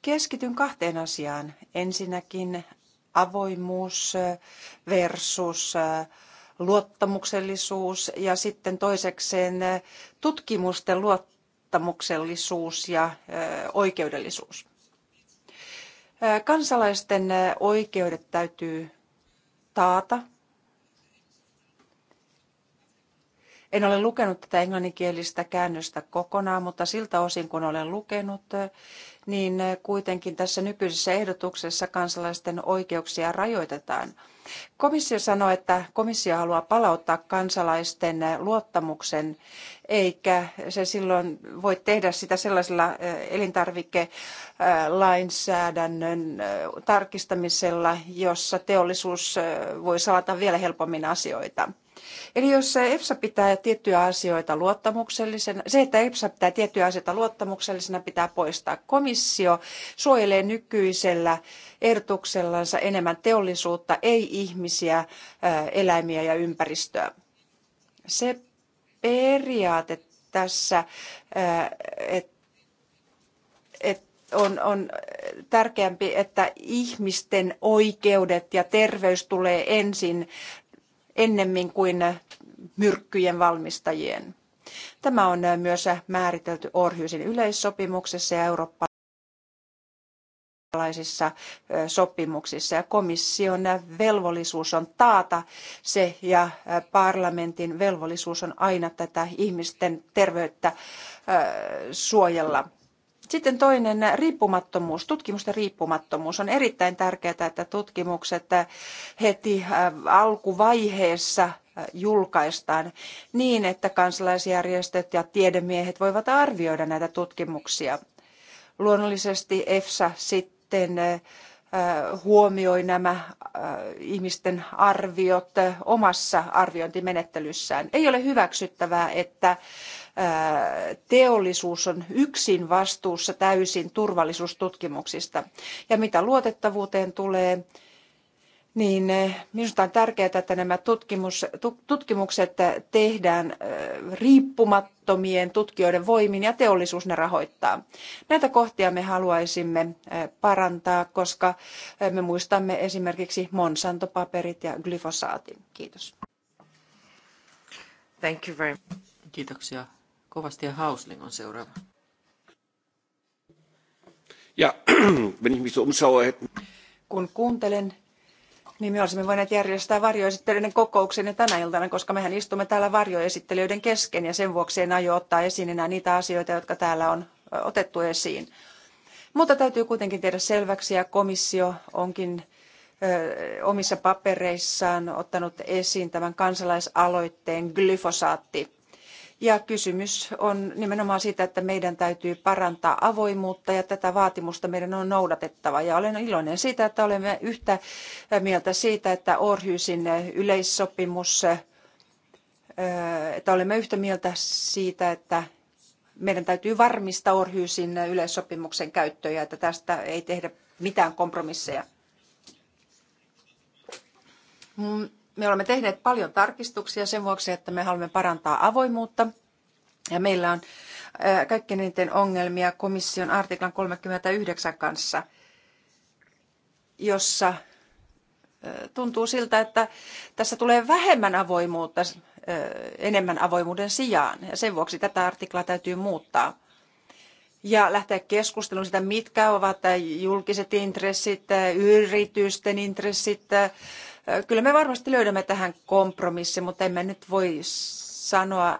Keskityn kahteen asiaan. Ensinnäkin avoimuus versus luottamuksellisuus ja sitten toisekseen tutkimusten luottamuksellisuus ja oikeudellisuus. Kansalaisten oikeudet täytyy taata. En ole lukenut tätä englanninkielistä käännöstä kokonaan, mutta siltä osin kun olen lukenut, niin eh, kuitenkin tässä nykyisessä ehdotuksessa kansalaisten oikeuksia rajoitetaan. Komissio sanoi, että komissio haluaa palauttaa kansalaisten eh, luottamuksen, eikä se silloin voi tehdä sitä sellaisella eh, elintarvikelainsäädännön tarkistamisella, jossa teollisuus voi salata vielä helpommin asioita. Eli jos EPSA pitää tiettyjä asioita luottamuksellisena, se, että EPSA pitää tiettyjä asioita luottamuksellisena, pitää poistaa. Komissio suojelee nykyisellä ehdotuksellansa enemmän teollisuutta, ei ihmisiä, äh, eläimiä ja ympäristöä. Se periaate tässä, äh, että on, on tärkeämpi, että ihmisten oikeudet ja terveys tulee ensin ennemmin kuin myrkkyjen valmistajien. Tämä on myös määritelty Orhyysin yleissopimuksessa ja eurooppalaisissa sopimuksissa. Ja komission velvollisuus on taata se ja parlamentin velvollisuus on aina tätä ihmisten terveyttä suojella. Sitten toinen riippumattomuus, tutkimusten riippumattomuus. On erittäin tärkeää, että tutkimukset heti äh, alkuvaiheessa äh, julkaistaan niin, että kansalaisjärjestöt ja tiedemiehet voivat arvioida näitä tutkimuksia. Luonnollisesti EFSA sitten äh, huomioi nämä ihmisten arviot omassa arviointimenettelyssään. Ei ole hyväksyttävää, että teollisuus on yksin vastuussa täysin turvallisuustutkimuksista. Ja mitä luotettavuuteen tulee, niin minusta on tärkeää, että nämä tutkimus, tutkimukset tehdään riippumattomien tutkijoiden voimin ja teollisuus ne rahoittaa. Näitä kohtia me haluaisimme parantaa, koska me muistamme esimerkiksi Monsanto-paperit ja glyfosaatin. Kiitos. Thank you very much. Kiitoksia kovasti ja Hausling on seuraava. Ja, wenn ich mich so umschaue, Kun kuuntelen, niin me olisimme voineet järjestää varjoesittelyiden kokouksen tänä iltana, koska mehän istumme täällä varjoesittelijöiden kesken ja sen vuoksi en aio ottaa esiin enää niitä asioita, jotka täällä on otettu esiin. Mutta täytyy kuitenkin tehdä selväksi ja komissio onkin omissa papereissaan ottanut esiin tämän kansalaisaloitteen glyfosaatti ja kysymys on nimenomaan siitä, että meidän täytyy parantaa avoimuutta ja tätä vaatimusta meidän on noudatettava. Ja olen iloinen siitä, että olemme yhtä mieltä siitä, että Orhyysin yleissopimus, että olemme yhtä mieltä siitä, että meidän täytyy varmistaa Orhyysin yleissopimuksen käyttö ja että tästä ei tehdä mitään kompromisseja. Mm. Me olemme tehneet paljon tarkistuksia sen vuoksi, että me haluamme parantaa avoimuutta. Ja meillä on äh, kaikkein eniten ongelmia komission artiklan 39 kanssa, jossa äh, tuntuu siltä, että tässä tulee vähemmän avoimuutta äh, enemmän avoimuuden sijaan. Ja sen vuoksi tätä artiklaa täytyy muuttaa ja lähteä keskusteluun sitä, mitkä ovat julkiset intressit, yritysten intressit, Kyllä me varmasti löydämme tähän kompromissi, mutta emme nyt voi sanoa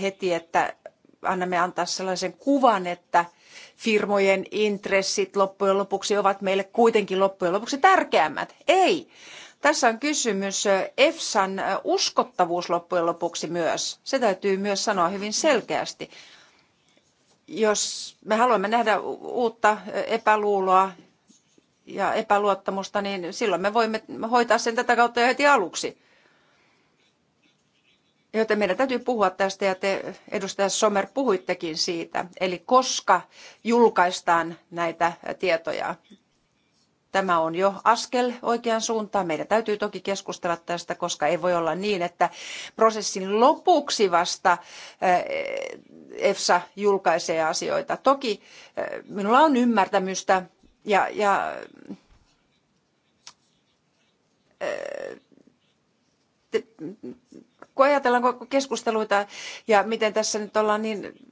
heti, että annamme antaa sellaisen kuvan, että firmojen intressit loppujen lopuksi ovat meille kuitenkin loppujen lopuksi tärkeämmät. Ei. Tässä on kysymys EFSAn uskottavuus loppujen lopuksi myös. Se täytyy myös sanoa hyvin selkeästi. Jos me haluamme nähdä uutta epäluuloa, ja epäluottamusta, niin silloin me voimme hoitaa sen tätä kautta jo heti aluksi. Joten meidän täytyy puhua tästä ja te edustaja Sommer puhuittekin siitä. Eli koska julkaistaan näitä tietoja. Tämä on jo askel oikeaan suuntaan. Meidän täytyy toki keskustella tästä, koska ei voi olla niin, että prosessin lopuksi vasta eh, EFSA julkaisee asioita. Toki eh, minulla on ymmärtämystä ja, ja te, kun ajatellaan keskusteluita ja miten tässä nyt ollaan niin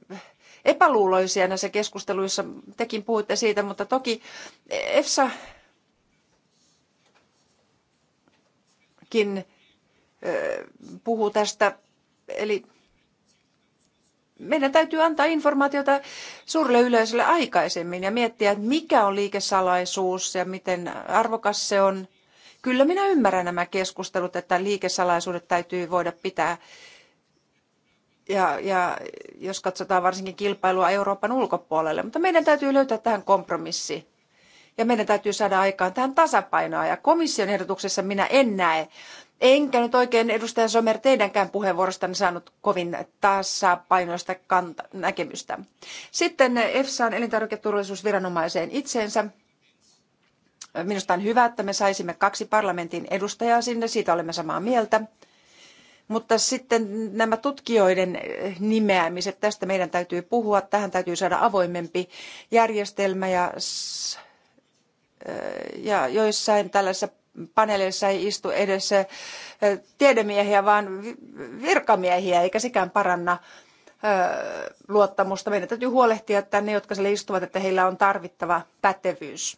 epäluuloisia näissä keskusteluissa, tekin puhutte siitä, mutta toki EFSAkin puhuu tästä, eli meidän täytyy antaa informaatiota suurelle yleisölle aikaisemmin ja miettiä, että mikä on liikesalaisuus ja miten arvokas se on. Kyllä minä ymmärrän nämä keskustelut, että liikesalaisuudet täytyy voida pitää. Ja, ja jos katsotaan varsinkin kilpailua Euroopan ulkopuolelle, mutta meidän täytyy löytää tähän kompromissi. Ja meidän täytyy saada aikaan tähän tasapainoa. Ja komission ehdotuksessa minä en näe Enkä nyt oikein edustaja Somer teidänkään puheenvuorostanne saanut kovin tasapainoista kanta- näkemystä. Sitten EFSAan elintarviketurvallisuusviranomaiseen itseensä. Minusta on hyvä, että me saisimme kaksi parlamentin edustajaa sinne, siitä olemme samaa mieltä. Mutta sitten nämä tutkijoiden nimeämiset, tästä meidän täytyy puhua, tähän täytyy saada avoimempi järjestelmä ja, ja joissain tällaisissa paneeleissa ei istu edes tiedemiehiä, vaan virkamiehiä, eikä sekään paranna luottamusta. Meidän täytyy huolehtia, että ne, jotka siellä istuvat, että heillä on tarvittava pätevyys.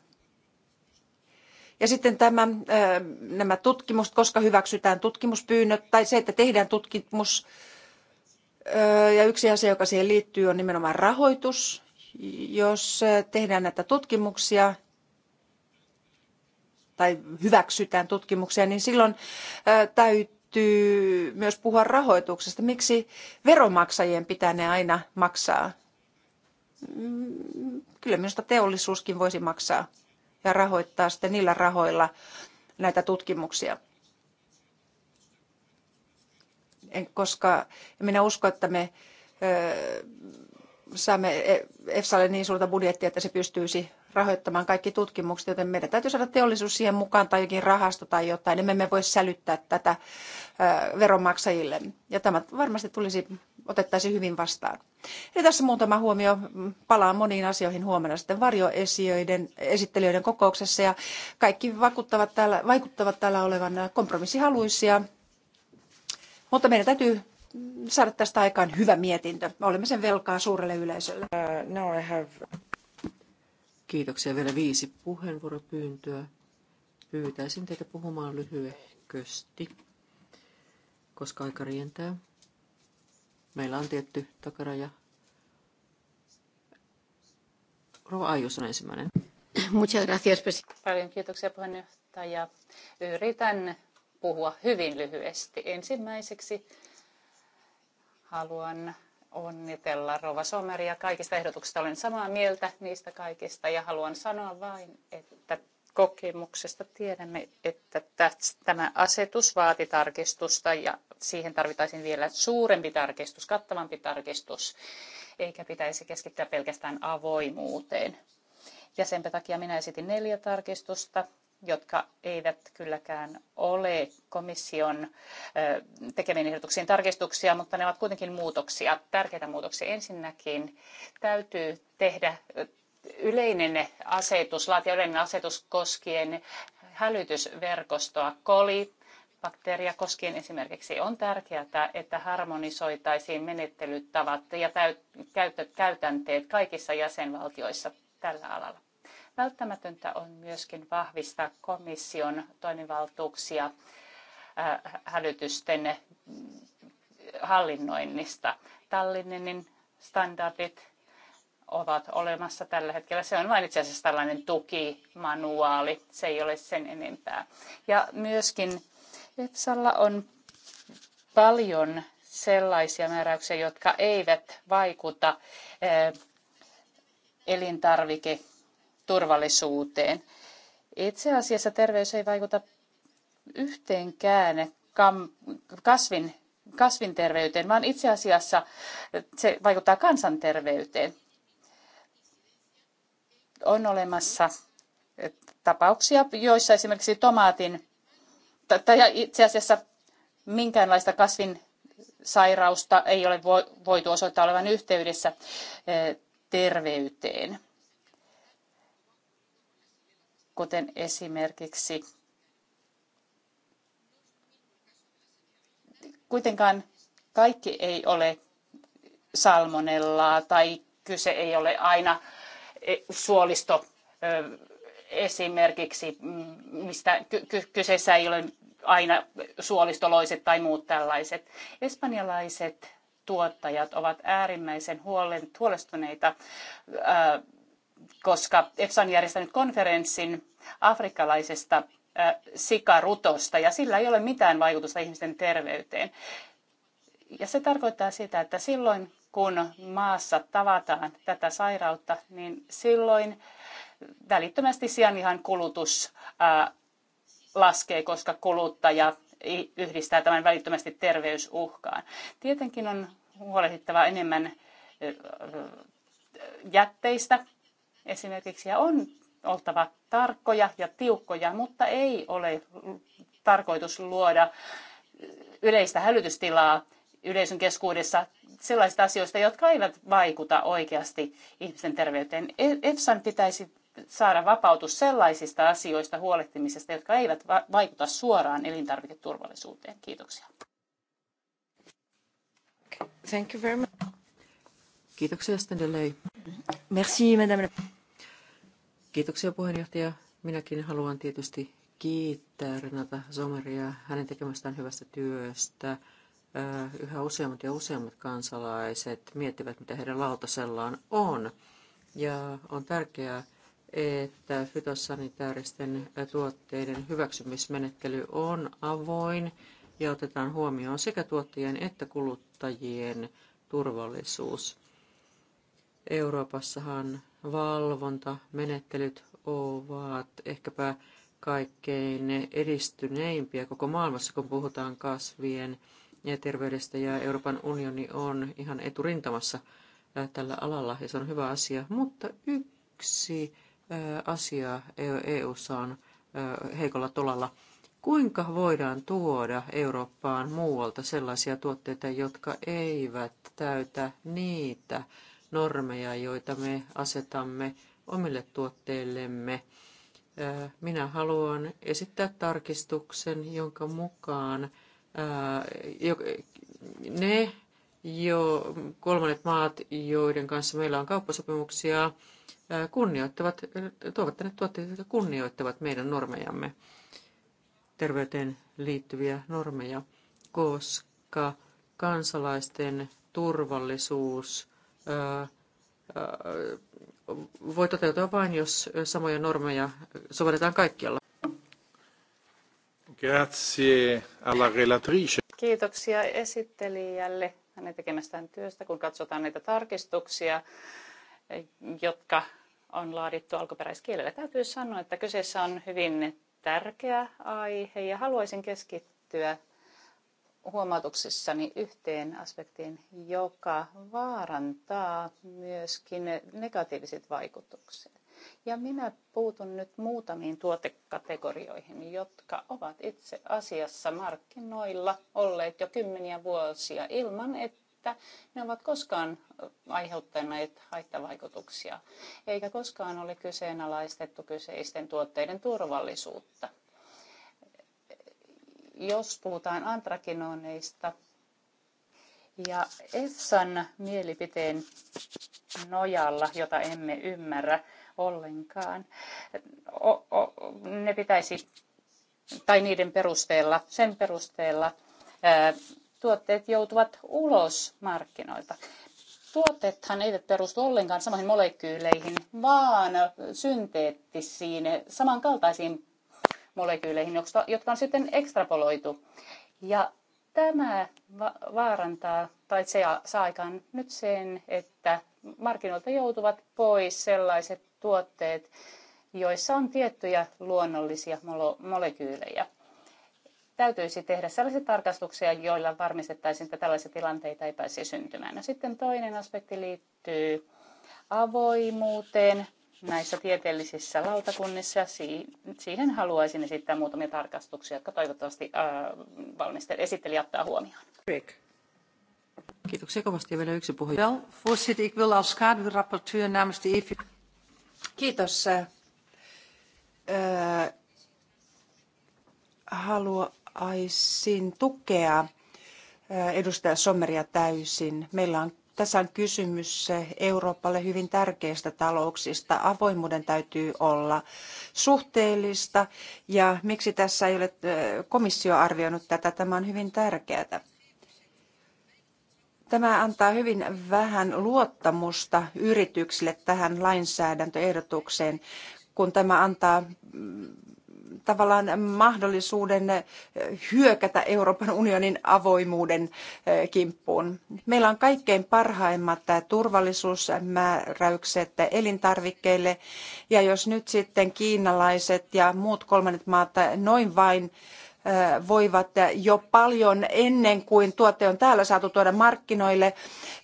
Ja sitten tämä, nämä tutkimukset, koska hyväksytään tutkimuspyynnöt tai se, että tehdään tutkimus. Ja yksi asia, joka siihen liittyy, on nimenomaan rahoitus. Jos tehdään näitä tutkimuksia, tai hyväksytään tutkimuksia, niin silloin täytyy myös puhua rahoituksesta. Miksi veromaksajien pitää ne aina maksaa? Mm, kyllä minusta teollisuuskin voisi maksaa ja rahoittaa sitten niillä rahoilla näitä tutkimuksia. En, koska minä usko, että me saamme EFSAlle e niin suurta budjettia, että se pystyisi rahoittamaan kaikki tutkimukset, joten meidän täytyy saada teollisuus siihen mukaan tai jokin rahasto tai jotain. Niin me emme voi sälyttää tätä veronmaksajille. Ja tämä varmasti tulisi, otettaisiin hyvin vastaan. Eli tässä muutama huomio. palaa moniin asioihin huomenna sitten varjoesijöiden, esittelijöiden kokouksessa. Ja kaikki vaikuttavat täällä, vaikuttavat täällä olevan kompromissihaluisia. Mutta meidän täytyy saada tästä aikaan hyvä mietintö. Me olemme sen velkaa suurelle yleisölle. Uh, no, I have... Kiitoksia. Vielä viisi puheenvuoropyyntöä. Pyytäisin teitä puhumaan lyhyehkösti, koska aika rientää. Meillä on tietty takaraja. Rova Aijus on ensimmäinen. Muchas gracias, Paljon kiitoksia puheenjohtaja. Yritän puhua hyvin lyhyesti. Ensimmäiseksi haluan onnitella Rova Someria kaikista ehdotuksista. Olen samaa mieltä niistä kaikista ja haluan sanoa vain, että kokemuksesta tiedämme, että tämä asetus vaati tarkistusta ja siihen tarvittaisiin vielä suurempi tarkistus, kattavampi tarkistus, eikä pitäisi keskittyä pelkästään avoimuuteen. Ja senpä takia minä esitin neljä tarkistusta jotka eivät kylläkään ole komission tekemiin ehdotuksiin tarkistuksia, mutta ne ovat kuitenkin muutoksia, tärkeitä muutoksia. Ensinnäkin täytyy tehdä yleinen asetus, laatia yleinen asetus koskien hälytysverkostoa koli, bakteeria koskien esimerkiksi on tärkeää, että harmonisoitaisiin menettelytavat ja täyt, käytänteet kaikissa jäsenvaltioissa tällä alalla. Välttämätöntä on myöskin vahvistaa komission toimivaltuuksia äh, hälytysten mm, hallinnoinnista. Tallinnenin standardit ovat olemassa tällä hetkellä. Se on vain itse asiassa tällainen tukimanuaali, se ei ole sen enempää. Ja myöskin EPSalla on paljon sellaisia määräyksiä, jotka eivät vaikuta äh, elintarvike- turvallisuuteen. Itse asiassa terveys ei vaikuta yhteenkään kasvin, kasvinterveyteen, vaan itse asiassa se vaikuttaa kansanterveyteen. On olemassa eh, tapauksia, joissa esimerkiksi tomaatin tai itse asiassa minkäänlaista kasvin sairausta ei ole voitu osoittaa olevan yhteydessä eh, terveyteen kuten esimerkiksi kuitenkaan kaikki ei ole salmonellaa tai kyse ei ole aina e, suolisto esimerkiksi, mm, mistä kyseessä ei ole aina suolistoloiset tai muut tällaiset. Espanjalaiset tuottajat ovat äärimmäisen huolestuneita koska EFSA on järjestänyt konferenssin afrikkalaisesta sikarutosta ja sillä ei ole mitään vaikutusta ihmisten terveyteen. Ja se tarkoittaa sitä, että silloin kun maassa tavataan tätä sairautta, niin silloin välittömästi sianlihan kulutus laskee, koska kuluttaja yhdistää tämän välittömästi terveysuhkaan. Tietenkin on huolehdittava enemmän jätteistä esimerkiksi. Ja on oltava tarkkoja ja tiukkoja, mutta ei ole tarkoitus luoda yleistä hälytystilaa yleisön keskuudessa sellaisista asioista, jotka eivät vaikuta oikeasti ihmisten terveyteen. E- EFSAn pitäisi saada vapautus sellaisista asioista huolehtimisesta, jotka eivät vaikuta suoraan elintarviketurvallisuuteen. Kiitoksia. Thank you very much. Kiitoksia Stendelei. Merci, madame. Kiitoksia puheenjohtaja. Minäkin haluan tietysti kiittää Renata Zomeria hänen tekemästään hyvästä työstä. Yhä useammat ja useammat kansalaiset miettivät, mitä heidän lautasellaan on. Ja on tärkeää, että fytosanitaaristen tuotteiden hyväksymismenettely on avoin ja otetaan huomioon sekä tuottajien että kuluttajien turvallisuus. Euroopassahan valvontamenettelyt ovat ehkäpä kaikkein edistyneimpiä koko maailmassa, kun puhutaan kasvien ja terveydestä, ja Euroopan unioni on ihan eturintamassa äh, tällä alalla, ja se on hyvä asia. Mutta yksi äh, asia e- EU:ssa on äh, heikolla tolalla. Kuinka voidaan tuoda Eurooppaan muualta sellaisia tuotteita, jotka eivät täytä niitä normeja, joita me asetamme omille tuotteillemme. Minä haluan esittää tarkistuksen, jonka mukaan ne jo kolmannet maat, joiden kanssa meillä on kauppasopimuksia, kunnioittavat, tuovat tänne tuotteita, jotka kunnioittavat meidän normejamme, terveyteen liittyviä normeja, koska kansalaisten turvallisuus voi toteutua vain, jos samoja normeja sovelletaan kaikkialla. Grazie alla relatrice. Kiitoksia esittelijälle hänen tekemästään työstä, kun katsotaan näitä tarkistuksia, jotka on laadittu alkuperäiskielellä. Täytyy sanoa, että kyseessä on hyvin tärkeä aihe ja haluaisin keskittyä huomautuksessani yhteen aspektiin, joka vaarantaa myöskin negatiiviset vaikutukset. Ja minä puutun nyt muutamiin tuotekategorioihin, jotka ovat itse asiassa markkinoilla olleet jo kymmeniä vuosia ilman, että ne ovat koskaan aiheuttaneet haittavaikutuksia, eikä koskaan ole kyseenalaistettu kyseisten tuotteiden turvallisuutta jos puhutaan antrakinoneista ja Essan mielipiteen nojalla, jota emme ymmärrä ollenkaan, o, o, ne pitäisi, tai niiden perusteella, sen perusteella ää, tuotteet joutuvat ulos markkinoilta. Tuotteethan eivät perustu ollenkaan samoihin molekyyleihin, vaan synteettisiin, samankaltaisiin molekyyleihin, jotka on sitten ekstrapoloitu. Ja tämä va- vaarantaa tai se saa aikaan nyt sen, että markkinoilta joutuvat pois sellaiset tuotteet, joissa on tiettyjä luonnollisia molekyylejä. Täytyisi tehdä sellaisia tarkastuksia, joilla varmistettaisiin, että tällaisia tilanteita ei pääse syntymään. No sitten toinen aspekti liittyy avoimuuteen näissä tieteellisissä lautakunnissa. Siihen haluaisin esittää muutamia tarkastuksia, jotka toivottavasti äh, valmistel- esitteli ottaa huomioon. Rick. Kiitoksia kovasti. vielä yksi puhuja. E Kiitos. Äh, haluaisin tukea äh, edustaja Sommeria täysin. Meillä on tässä on kysymys Euroopalle hyvin tärkeistä talouksista. Avoimuuden täytyy olla suhteellista ja miksi tässä ei ole komissio arvioinut tätä, tämä on hyvin tärkeää. Tämä antaa hyvin vähän luottamusta yrityksille tähän lainsäädäntöehdotukseen, kun tämä antaa mm, tavallaan mahdollisuuden hyökätä Euroopan unionin avoimuuden eh, kimppuun. Meillä on kaikkein parhaimmat turvallisuusmääräykset elintarvikkeille ja jos nyt sitten kiinalaiset ja muut kolmannet maat noin vain eh, voivat jo paljon ennen kuin tuote on täällä saatu tuoda markkinoille,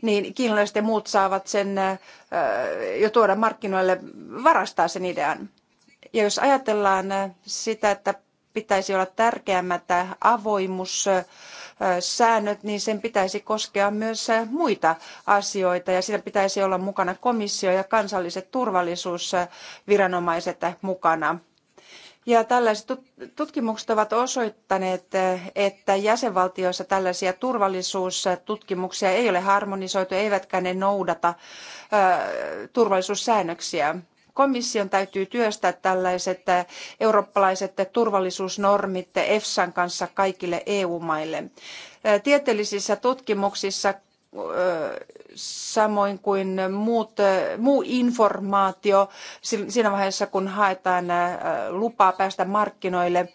niin kiinalaiset ja muut saavat sen eh, jo tuoda markkinoille varastaa sen idean. Ja jos ajatellaan äh, sitä, että pitäisi olla tärkeämmät äh, avoimuus, säännöt, niin sen pitäisi koskea myös äh, muita asioita ja siinä pitäisi olla mukana komissio ja kansalliset turvallisuusviranomaiset mukana. Ja tällaiset tutkimukset ovat osoittaneet, että jäsenvaltioissa tällaisia turvallisuustutkimuksia ei ole harmonisoitu, eivätkä ne noudata turvallisuussäännöksiä. Komission täytyy työstää tällaiset eurooppalaiset turvallisuusnormit EFSAn kanssa kaikille EU-maille. Tieteellisissä tutkimuksissa samoin kuin muut, muu informaatio siinä vaiheessa, kun haetaan lupaa päästä markkinoille,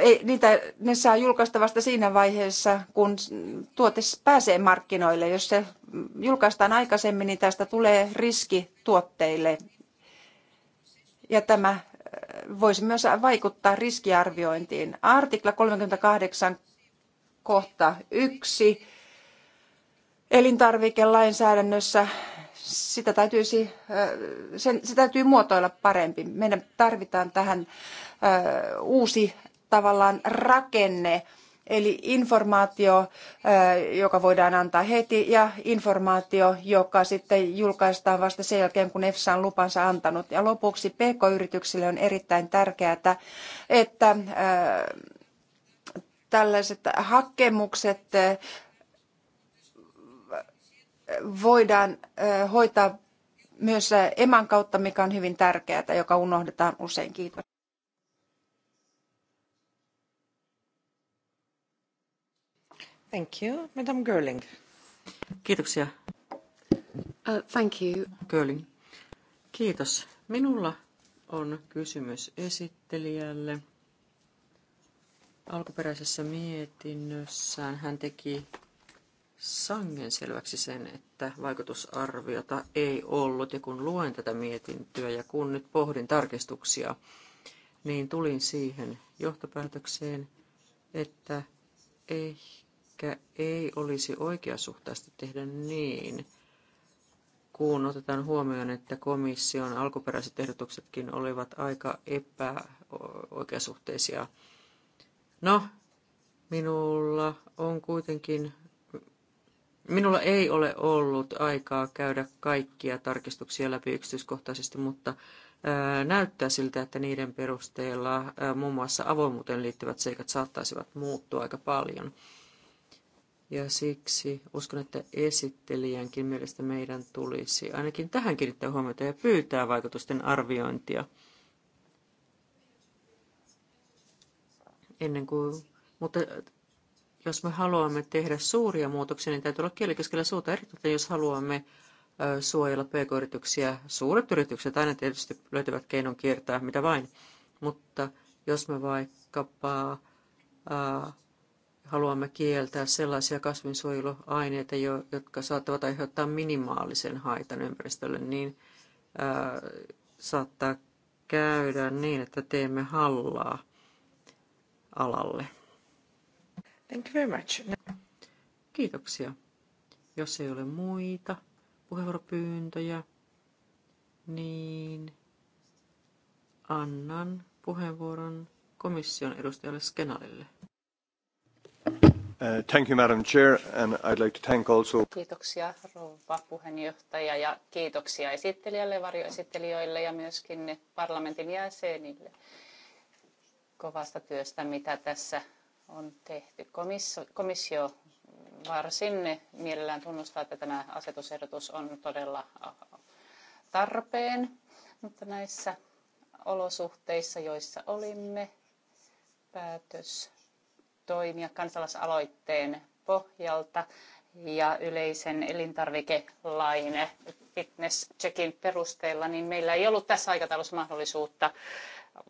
ei, niitä, ne saa julkaista vasta siinä vaiheessa, kun tuote pääsee markkinoille. Jos se julkaistaan aikaisemmin, niin tästä tulee riski tuotteille. Ja tämä äh, voisi myös vaikuttaa riskiarviointiin. Artikla 38 kohta 1 elintarvikelainsäädännössä sitä täytyisi, äh, sen, se täytyy muotoilla parempi. Meidän tarvitaan tähän äh, uusi tavallaan rakenne, eli informaatio, joka voidaan antaa heti, ja informaatio, joka sitten julkaistaan vasta sen jälkeen, kun EFSA on lupansa antanut. Ja lopuksi PK-yrityksille on erittäin tärkeää, että tällaiset hakemukset voidaan hoitaa myös emän kautta, mikä on hyvin tärkeää, joka unohdetaan usein. Kiitos. Thank you. Madame Görling. Kiitoksia. Uh, thank you. Görling. Kiitos. Minulla on kysymys esittelijälle. Alkuperäisessä mietinnössään hän teki sangen selväksi sen, että vaikutusarviota ei ollut. Ja kun luen tätä mietintöä ja kun nyt pohdin tarkistuksia, niin tulin siihen johtopäätökseen, että ei ehkä ei olisi oikeasuhtaista tehdä niin, kun otetaan huomioon, että komission alkuperäiset ehdotuksetkin olivat aika epäoikeasuhteisia. No, minulla on kuitenkin, minulla ei ole ollut aikaa käydä kaikkia tarkistuksia läpi yksityiskohtaisesti, mutta näyttää siltä, että niiden perusteella muun muassa avoimuuteen liittyvät seikat saattaisivat muuttua aika paljon. Ja siksi uskon, että esittelijänkin mielestä meidän tulisi ainakin tähän kiinnittää huomiota ja pyytää vaikutusten arviointia. Ennen kuin, mutta jos me haluamme tehdä suuria muutoksia, niin täytyy olla kielikeskellä suuta erityisesti, jos haluamme suojella pk-yrityksiä. Suuret yritykset aina tietysti löytävät keinon kiertää mitä vain, mutta jos me vaikkapa ää, haluamme kieltää sellaisia kasvinsuojeluaineita, jotka saattavat aiheuttaa minimaalisen haitan ympäristölle, niin ää, saattaa käydä niin, että teemme hallaa alalle. Thank you very much. Kiitoksia. Jos ei ole muita puheenvuoropyyntöjä, niin annan puheenvuoron komission edustajalle Skenalille. Uh, thank you, Madam Chair, and I'd like to thank also... Kiitoksia rouva puheenjohtaja ja kiitoksia esittelijälle, varjoesittelijöille ja myöskin parlamentin jäsenille kovasta työstä, mitä tässä on tehty. Komissio, komissio varsin mielellään tunnustaa, että tämä asetusehdotus on todella tarpeen, mutta näissä olosuhteissa, joissa olimme, päätös toimia kansalaisaloitteen pohjalta ja yleisen elintarvikelain fitness checkin perusteella, niin meillä ei ollut tässä aikataulussa mahdollisuutta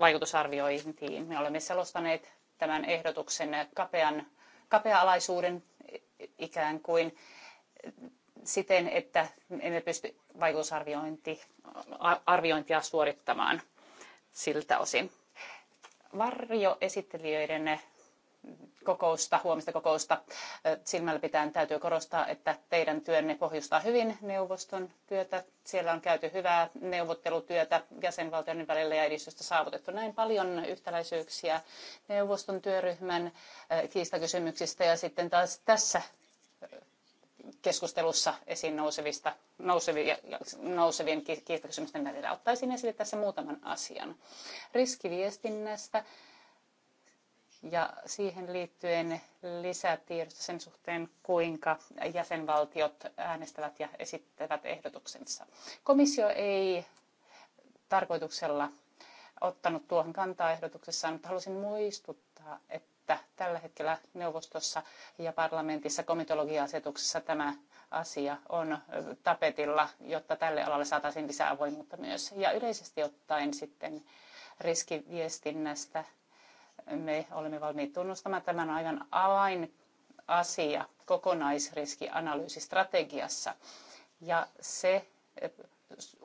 vaikutusarviointiin. Me olemme selostaneet tämän ehdotuksen kapean, kapea-alaisuuden ikään kuin siten, että emme pysty vaikutusarviointia suorittamaan siltä osin. Varjoesittelijöiden kokousta, huomista kokousta silmällä pitäen täytyy korostaa, että teidän työnne pohjustaa hyvin neuvoston työtä. Siellä on käyty hyvää neuvottelutyötä jäsenvaltioiden välillä ja edistystä saavutettu näin paljon yhtäläisyyksiä neuvoston työryhmän kiistakysymyksistä ja sitten taas tässä keskustelussa esiin nousevista, nousevien, nousevien kiistakysymysten välillä. Ottaisin esille tässä muutaman asian. Riskiviestinnästä ja siihen liittyen lisätiedosta sen suhteen, kuinka jäsenvaltiot äänestävät ja esittävät ehdotuksensa. Komissio ei tarkoituksella ottanut tuohon kantaa ehdotuksessaan, mutta halusin muistuttaa, että tällä hetkellä neuvostossa ja parlamentissa komitologia-asetuksessa tämä asia on tapetilla, jotta tälle alalle saataisiin lisää avoimuutta myös. Ja yleisesti ottaen sitten riskiviestinnästä me olemme valmiit tunnustamaan tämän aivan avain asia kokonaisriskianalyysistrategiassa. Ja se eh,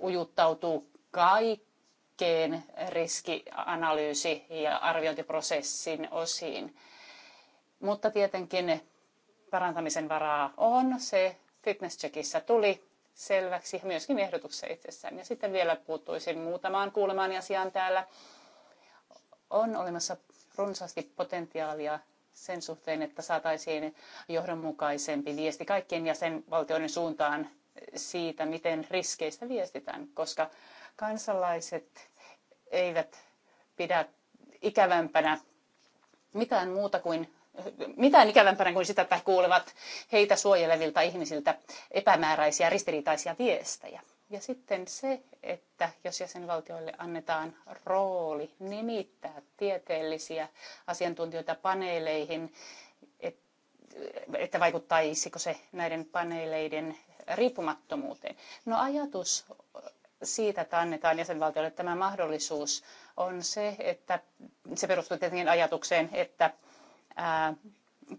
ujuttautuu kaikkeen riskianalyysi- ja arviointiprosessin osiin. Mutta tietenkin parantamisen varaa on. Se fitness checkissä tuli selväksi myöskin ehdotuksessa itsessään. Ja sitten vielä puuttuisin muutamaan kuulemaan asiaan täällä. On olemassa runsaasti potentiaalia sen suhteen, että saataisiin johdonmukaisempi viesti kaikkien jäsenvaltioiden suuntaan siitä, miten riskeistä viestitään, koska kansalaiset eivät pidä ikävämpänä mitään muuta kuin mitään ikävämpänä kuin sitä, että kuulevat heitä suojelevilta ihmisiltä epämääräisiä ristiriitaisia viestejä. Ja sitten se, että jos jäsenvaltioille annetaan rooli nimittää tieteellisiä asiantuntijoita paneeleihin, että vaikuttaisiko se näiden paneeleiden riippumattomuuteen. No ajatus siitä, että annetaan jäsenvaltioille tämä mahdollisuus, on se, että se perustuu tietenkin ajatukseen, että ää,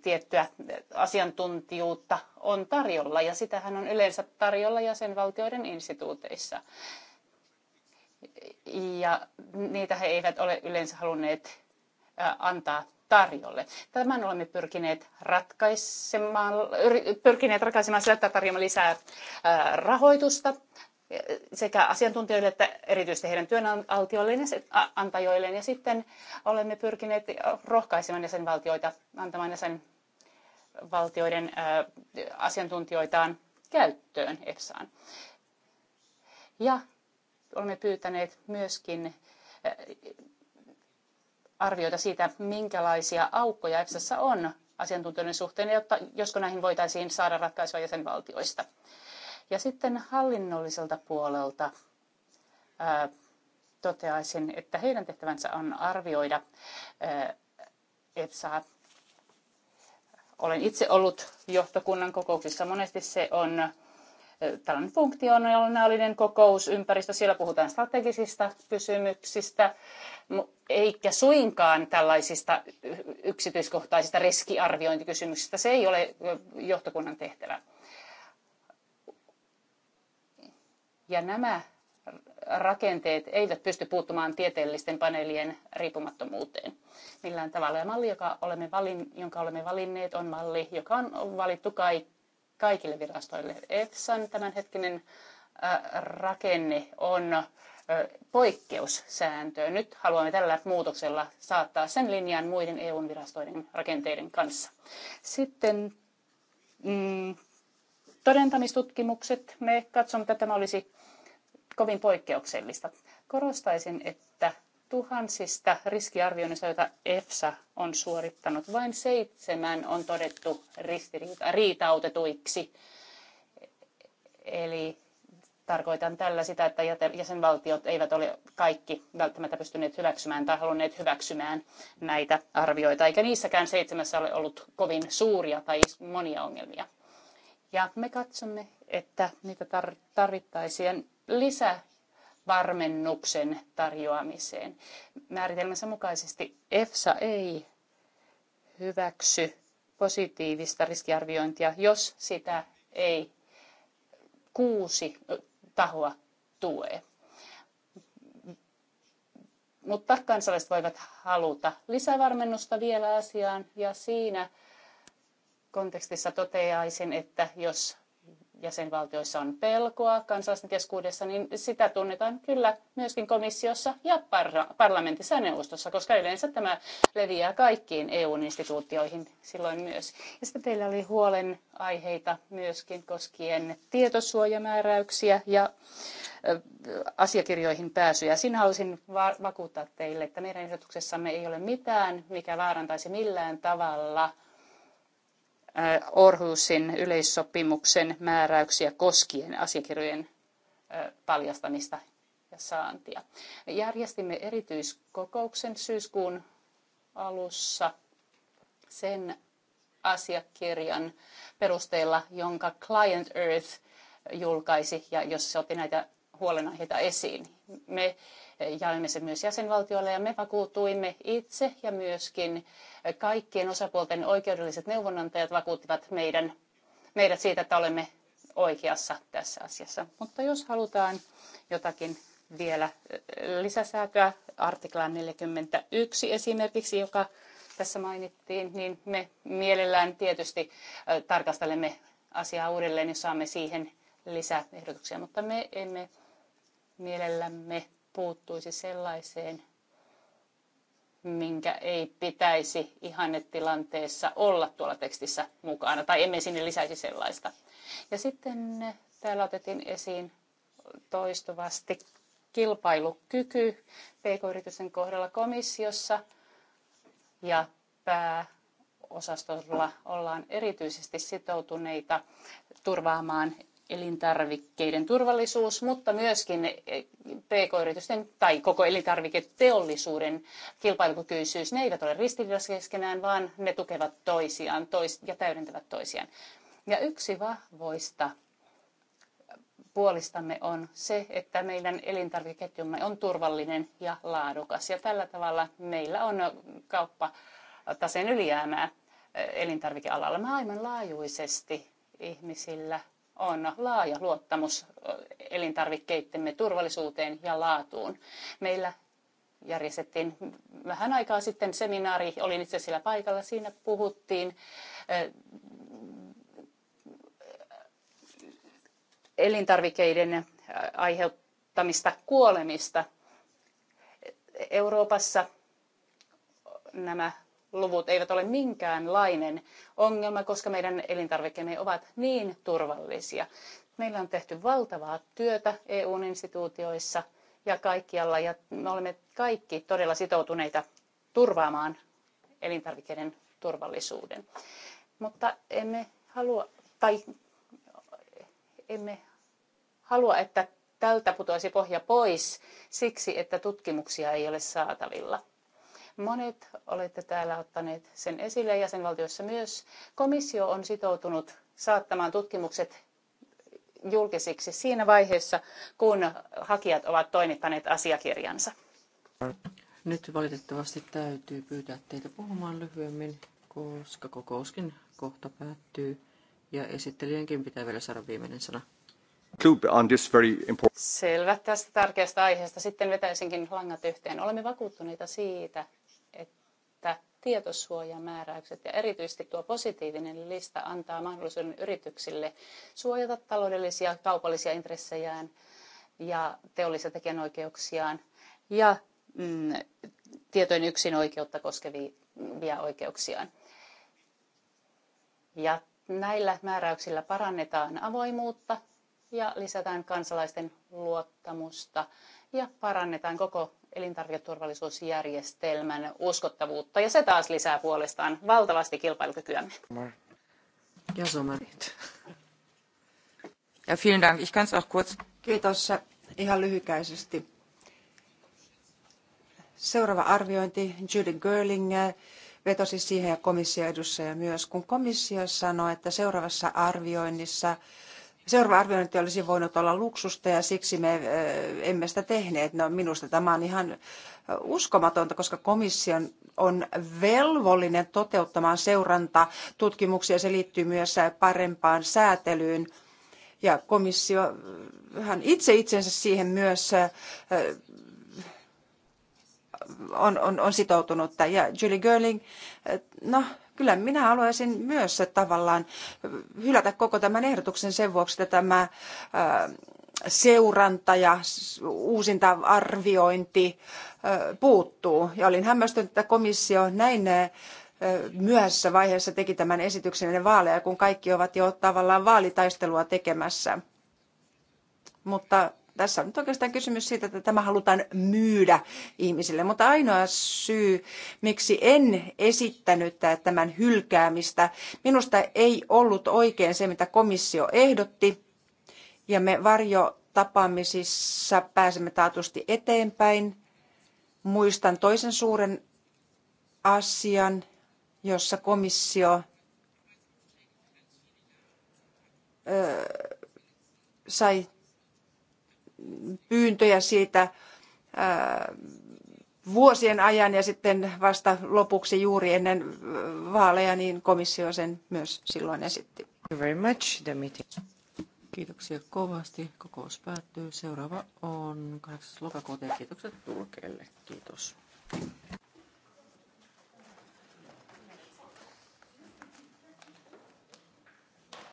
tiettyä asiantuntijuutta on tarjolla ja sitähän on yleensä tarjolla jäsenvaltioiden instituuteissa. Ja niitä he eivät ole yleensä halunneet antaa tarjolle. Tämän olemme pyrkineet ratkaisemaan, pyrkineet ratkaisemaan sillä, että tarjoamme lisää rahoitusta sekä asiantuntijoille että erityisesti heidän työnantajoilleen ja, ja sitten olemme pyrkineet rohkaisemaan jäsenvaltioita antamaan jäsenvaltioiden asiantuntijoitaan käyttöön EFSAan. Ja olemme pyytäneet myöskin arvioita siitä, minkälaisia aukkoja EFSAssa on asiantuntijoiden suhteen, jotta josko näihin voitaisiin saada ratkaisua jäsenvaltioista. Ja sitten hallinnolliselta puolelta ää, toteaisin, että heidän tehtävänsä on arvioida ää, Olen itse ollut johtokunnan kokouksissa. Monesti se on ää, tällainen funktionaalinen kokousympäristö. Siellä puhutaan strategisista kysymyksistä, eikä suinkaan tällaisista yksityiskohtaisista riskiarviointikysymyksistä. Se ei ole johtokunnan tehtävä. Ja nämä rakenteet eivät pysty puuttumaan tieteellisten paneelien riippumattomuuteen millään tavalla. Ja malli, joka olemme valin, jonka olemme valinneet, on malli, joka on valittu kaik, kaikille virastoille. EFSAn tämänhetkinen äh, rakenne on äh, poikkeussääntö. Nyt haluamme tällä muutoksella saattaa sen linjan muiden eu virastoiden rakenteiden kanssa. Sitten mm, todentamistutkimukset. Me katsomme, että tämä olisi kovin poikkeuksellista. Korostaisin, että tuhansista riskiarvioinnista, joita EFSA on suorittanut, vain seitsemän on todettu riitautetuiksi. Eli tarkoitan tällä sitä, että jäsenvaltiot eivät ole kaikki välttämättä pystyneet hyväksymään tai halunneet hyväksymään näitä arvioita, eikä niissäkään seitsemässä ole ollut kovin suuria tai monia ongelmia. Ja me katsomme, että niitä tarvittaisiin lisävarmennuksen tarjoamiseen. Määritelmänsä mukaisesti EFSA ei hyväksy positiivista riskiarviointia, jos sitä ei kuusi tahoa tue. Mutta kansalaiset voivat haluta lisävarmennusta vielä asiaan ja siinä kontekstissa toteaisin, että jos jäsenvaltioissa on pelkoa kansalaisten keskuudessa, niin sitä tunnetaan kyllä myöskin komissiossa ja parlamentissa ja neuvostossa, koska yleensä tämä leviää kaikkiin EU-instituutioihin silloin myös. Ja sitten teillä oli huolen aiheita myöskin koskien tietosuojamääräyksiä ja asiakirjoihin pääsyjä. Sinä haluaisin va- vakuuttaa teille, että meidän ehdotuksessamme ei ole mitään, mikä vaarantaisi millään tavalla – Orhusin yleissopimuksen määräyksiä koskien asiakirjojen paljastamista ja saantia. Järjestimme erityiskokouksen syyskuun alussa sen asiakirjan perusteella, jonka Client Earth julkaisi ja jos se otti näitä huolenaiheita esiin. Me jaimme sen myös jäsenvaltioille ja me vakuutuimme itse ja myöskin Kaikkien osapuolten oikeudelliset neuvonantajat vakuuttivat meidän, meidät siitä, että olemme oikeassa tässä asiassa. Mutta jos halutaan jotakin vielä lisäsäätöä, artikla 41 esimerkiksi, joka tässä mainittiin, niin me mielellään tietysti tarkastelemme asiaa uudelleen, ja saamme siihen lisäehdotuksia, mutta me emme mielellämme puuttuisi sellaiseen minkä ei pitäisi ihannetilanteessa olla tuolla tekstissä mukana, tai emme sinne lisäisi sellaista. Ja sitten eh, täällä otettiin esiin toistuvasti kilpailukyky pk-yritysten kohdalla komissiossa ja pääosastolla ollaan erityisesti sitoutuneita turvaamaan elintarvikkeiden turvallisuus, mutta myöskin eh, pk-yritysten tai koko elintarviketeollisuuden kilpailukykyisyys. Ne eivät ole ristiriidassa keskenään, vaan ne tukevat toisiaan tois- ja täydentävät toisiaan. Ja yksi vahvoista puolistamme on se, että meidän elintarvikeketjumme on turvallinen ja laadukas. Ja tällä tavalla meillä on kauppa taseen ylijäämää eh, elintarvikealalla maailmanlaajuisesti ihmisillä on laaja luottamus elintarvikkeittemme turvallisuuteen ja laatuun. Meillä järjestettiin vähän aikaa sitten seminaari, olin itse siellä paikalla, siinä puhuttiin elintarvikeiden aiheuttamista kuolemista. Euroopassa nämä luvut eivät ole minkäänlainen ongelma, koska meidän elintarvikkeemme ovat niin turvallisia. Meillä on tehty valtavaa työtä eu instituutioissa ja kaikkialla ja me olemme kaikki todella sitoutuneita turvaamaan elintarvikkeiden turvallisuuden. Mutta emme halua, tai emme halua, että tältä putoaisi pohja pois siksi, että tutkimuksia ei ole saatavilla. Monet olette täällä ottaneet sen esille jäsenvaltioissa myös. Komissio on sitoutunut saattamaan tutkimukset julkisiksi siinä vaiheessa, kun hakijat ovat toimittaneet asiakirjansa. Nyt valitettavasti täytyy pyytää teitä puhumaan lyhyemmin, koska kokouskin kohta päättyy ja esittelijänkin pitää vielä saada viimeinen sana. Selvä tästä tärkeästä aiheesta. Sitten vetäisinkin langat yhteen. Olemme vakuuttuneita siitä, tietosuojamääräykset ja erityisesti tuo positiivinen lista antaa mahdollisuuden yrityksille suojata taloudellisia kaupallisia intressejään ja teollisia tekijänoikeuksiaan ja mm, tietojen oikeutta koskevia oikeuksiaan. Ja näillä määräyksillä parannetaan avoimuutta ja lisätään kansalaisten luottamusta ja parannetaan koko elintarviketurvallisuusjärjestelmän uskottavuutta ja se taas lisää puolestaan valtavasti kilpailukykyämme. Ja Ja vielen Dank. Ich kann's auch kurz. Kiitos ihan lyhykäisesti. Seuraava arviointi, Judy Görling vetosi siihen ja komission edustaja myös, kun komissio sanoi, että seuraavassa arvioinnissa Seuraava arviointi olisi voinut olla luksusta ja siksi me emme sitä tehneet. No, minusta tämä on ihan uskomatonta, koska komission on velvollinen toteuttamaan seurantatutkimuksia. Se liittyy myös parempaan säätelyyn. Ja komissio hän itse itsensä siihen myös on, on, on sitoutunut. Ja Julie Görling, no Kyllä minä haluaisin myös tavallaan hylätä koko tämän ehdotuksen sen vuoksi, että tämä seuranta ja uusinta arviointi puuttuu. Ja olin hämmästynyt, että komissio näin myöhässä vaiheessa teki tämän esityksen ennen vaaleja, kun kaikki ovat jo tavallaan vaalitaistelua tekemässä. Mutta tässä on nyt oikeastaan kysymys siitä, että tämä halutaan myydä ihmisille. Mutta ainoa syy, miksi en esittänyt tämän hylkäämistä, minusta ei ollut oikein se, mitä komissio ehdotti. Ja me varjotapaamisissa pääsemme taatusti eteenpäin. Muistan toisen suuren asian, jossa komissio sai pyyntöjä siitä vuosien ajan ja sitten vasta lopuksi juuri ennen vaaleja, niin komissio sen myös silloin esitti. Very much, the meeting. Kiitoksia kovasti. Kokous päättyy. Seuraava on 8. lokakuuta ja kiitokset tulkeille. Kiitos.